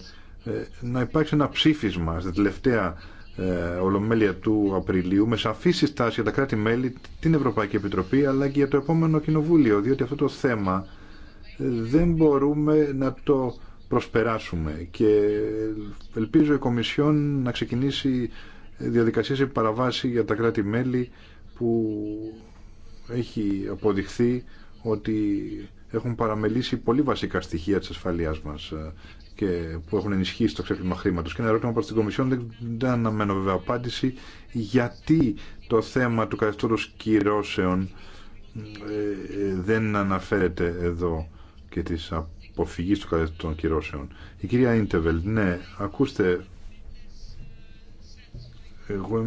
ε, να υπάρξει ένα ψήφισμα στην τελευταία ε, ολομέλεια του Απριλίου με σαφή συστάση για τα κράτη-μέλη, την Ευρωπαϊκή Επιτροπή αλλά και για το επόμενο κοινοβούλιο, διότι αυτό το θέμα ε, δεν μπορούμε να το προσπεράσουμε και ελπίζω η Κομισιόν να ξεκινήσει διαδικασίες επιπαραβάση για τα κράτη-μέλη που έχει αποδειχθεί ότι έχουν παραμελήσει πολύ βασικά στοιχεία της ασφαλείας μας και που έχουν ενισχύσει το ξέπλυμα χρήματος. Και ένα ερώτημα προς την Κομισιόν δεν αναμένω βέβαια απάντηση γιατί το θέμα του καθεστώτος κυρώσεων ε, ε, δεν αναφέρεται εδώ και τις καθεστώ των κυρώσεων. Η κυρία Ιντεβελτ, ναι, ακούστε, εγώ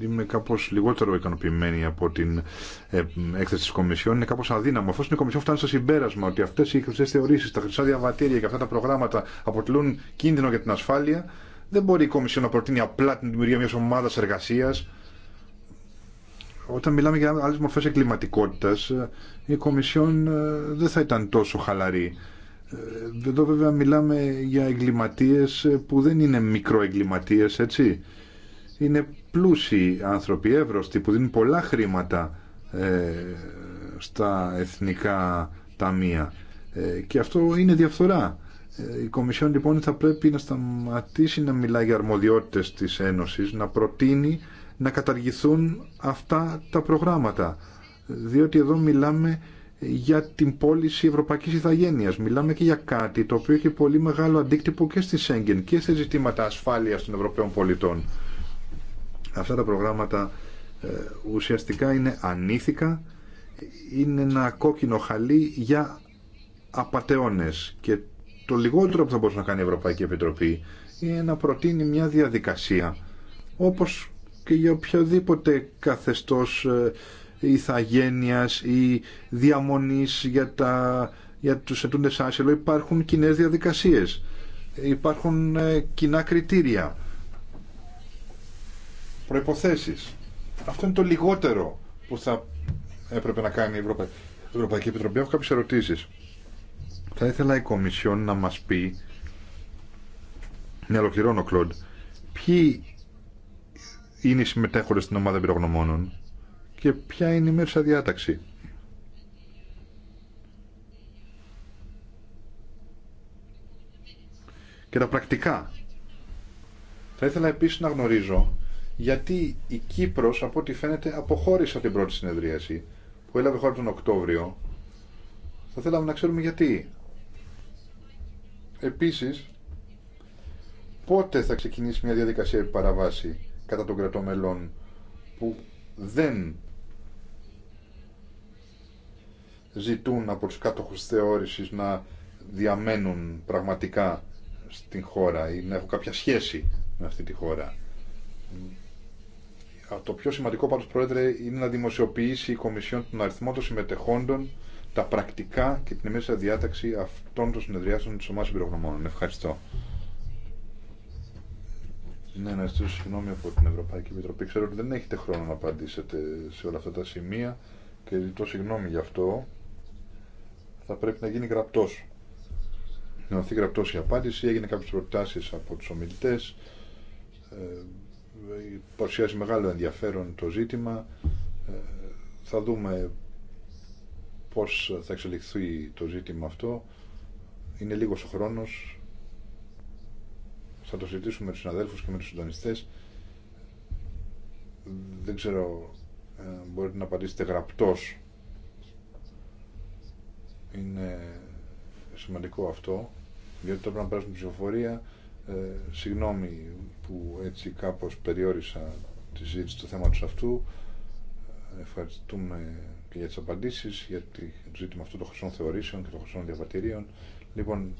είμαι κάπως λιγότερο ικανοποιημένη από την ε, έκθεση της Κομισιόν. Είναι κάπως αδύναμο. Αφού η Κομισιόν φτάνει στο συμπέρασμα ότι αυτές οι χρυσές θεωρήσεις, τα χρυσά διαβατήρια και αυτά τα προγράμματα αποτελούν κίνδυνο για την ασφάλεια, δεν μπορεί η Κομισιόν να προτείνει απλά την δημιουργία μιας ομάδας εργασίας όταν μιλάμε για άλλες μορφές εγκληματικότητας, η Κομισιόν ε, δεν θα ήταν τόσο χαλαρή. Ε, εδώ βέβαια μιλάμε για εγκληματίες ε, που δεν είναι μικροεγκληματίες, έτσι. Είναι πλούσιοι άνθρωποι, εύρωστοι, που δίνουν πολλά χρήματα στα εθνικά ταμεία. και αυτό είναι διαφθορά. Η Κομισιόν λοιπόν θα πρέπει να σταματήσει να μιλά για αρμοδιότητες της Ένωσης, να προτείνει να καταργηθούν αυτά τα προγράμματα. Διότι εδώ μιλάμε για την πώληση ευρωπαϊκής ηθαγένειας. Μιλάμε και για κάτι το οποίο έχει πολύ μεγάλο αντίκτυπο και στη Σέγγεν και σε ζητήματα ασφάλειας των Ευρωπαίων πολιτών. Αυτά τα προγράμματα ε, ουσιαστικά είναι ανήθικα, είναι ένα κόκκινο χαλί για απατεώνες και το λιγότερο που θα μπορούσε να κάνει η Ευρωπαϊκή Επιτροπή είναι να προτείνει μια διαδικασία όπως και για οποιοδήποτε καθεστώς ε, ηθαγένειας ή διαμονής για, τα, για τους ετούντες άσυλο υπάρχουν κοινέ διαδικασίες, υπάρχουν ε, κοινά κριτήρια, προϋποθέσεις. Αυτό είναι το λιγότερο που θα έπρεπε να κάνει η Ευρωπαϊκή, Ευρωπαϊκή Επιτροπή. Έχω κάποιες ερωτήσεις. Θα ήθελα η Κομισιόν να μας πει, να ολοκληρώνω Κλοντ, ποιοι είναι οι συμμετέχοντες στην ομάδα πυρογνωμόνων και ποια είναι η μέρουσα διάταξη. Και τα πρακτικά. Θα ήθελα επίσης να γνωρίζω γιατί η Κύπρος από ό,τι φαίνεται αποχώρησε από την πρώτη συνεδρίαση που έλαβε χώρα τον Οκτώβριο. Θα θέλαμε να ξέρουμε γιατί. Επίσης, πότε θα ξεκινήσει μια διαδικασία επί παραβάση κατά των κρατομελών που δεν ζητούν από τους κάτοχους να διαμένουν πραγματικά στην χώρα ή να έχουν κάποια σχέση με αυτή τη χώρα. Το πιο σημαντικό πάντως, Πρόεδρε, είναι να δημοσιοποιήσει η Κομισιόν τον αριθμό των συμμετεχόντων, τα πρακτικά και την μέσα διάταξη αυτών των συνεδριάσεων της ομάδας εμπειρογνωμόνων. Ευχαριστώ. Ναι, να ζητήσω συγγνώμη από την Ευρωπαϊκή Επιτροπή. Ξέρω ότι δεν έχετε χρόνο να απαντήσετε σε όλα αυτά τα σημεία και ζητώ συγγνώμη γι' αυτό. Θα πρέπει να γίνει γραπτό. Να δοθεί γραπτό η απάντηση. Έγινε κάποιε προτάσει από του ομιλητέ. Ε, παρουσιάζει μεγάλο ενδιαφέρον το ζήτημα. Ε, θα δούμε πώς θα εξελιχθεί το ζήτημα αυτό. Είναι λίγος ο χρόνος, θα το συζητήσουμε με τους συναδέλφους και με τους συντονιστές. Δεν ξέρω, ε, μπορείτε να απαντήσετε γραπτός. Είναι σημαντικό αυτό, γιατί τώρα να περάσουμε ψηφοφορία. Ε, συγγνώμη που έτσι κάπως περιόρισα τη συζήτηση του θέματος αυτού. Ευχαριστούμε και για τις απαντήσεις, για το ζήτημα αυτό των χρυσών θεωρήσεων και των χρυσών διαβατηρίων. Λοιπόν,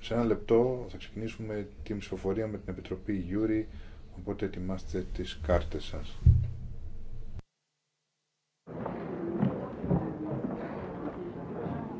σε ένα λεπτό θα ξεκινήσουμε την ψηφοφορία με την Επιτροπή Γιούρη, οπότε ετοιμάστε τις κάρτες σας.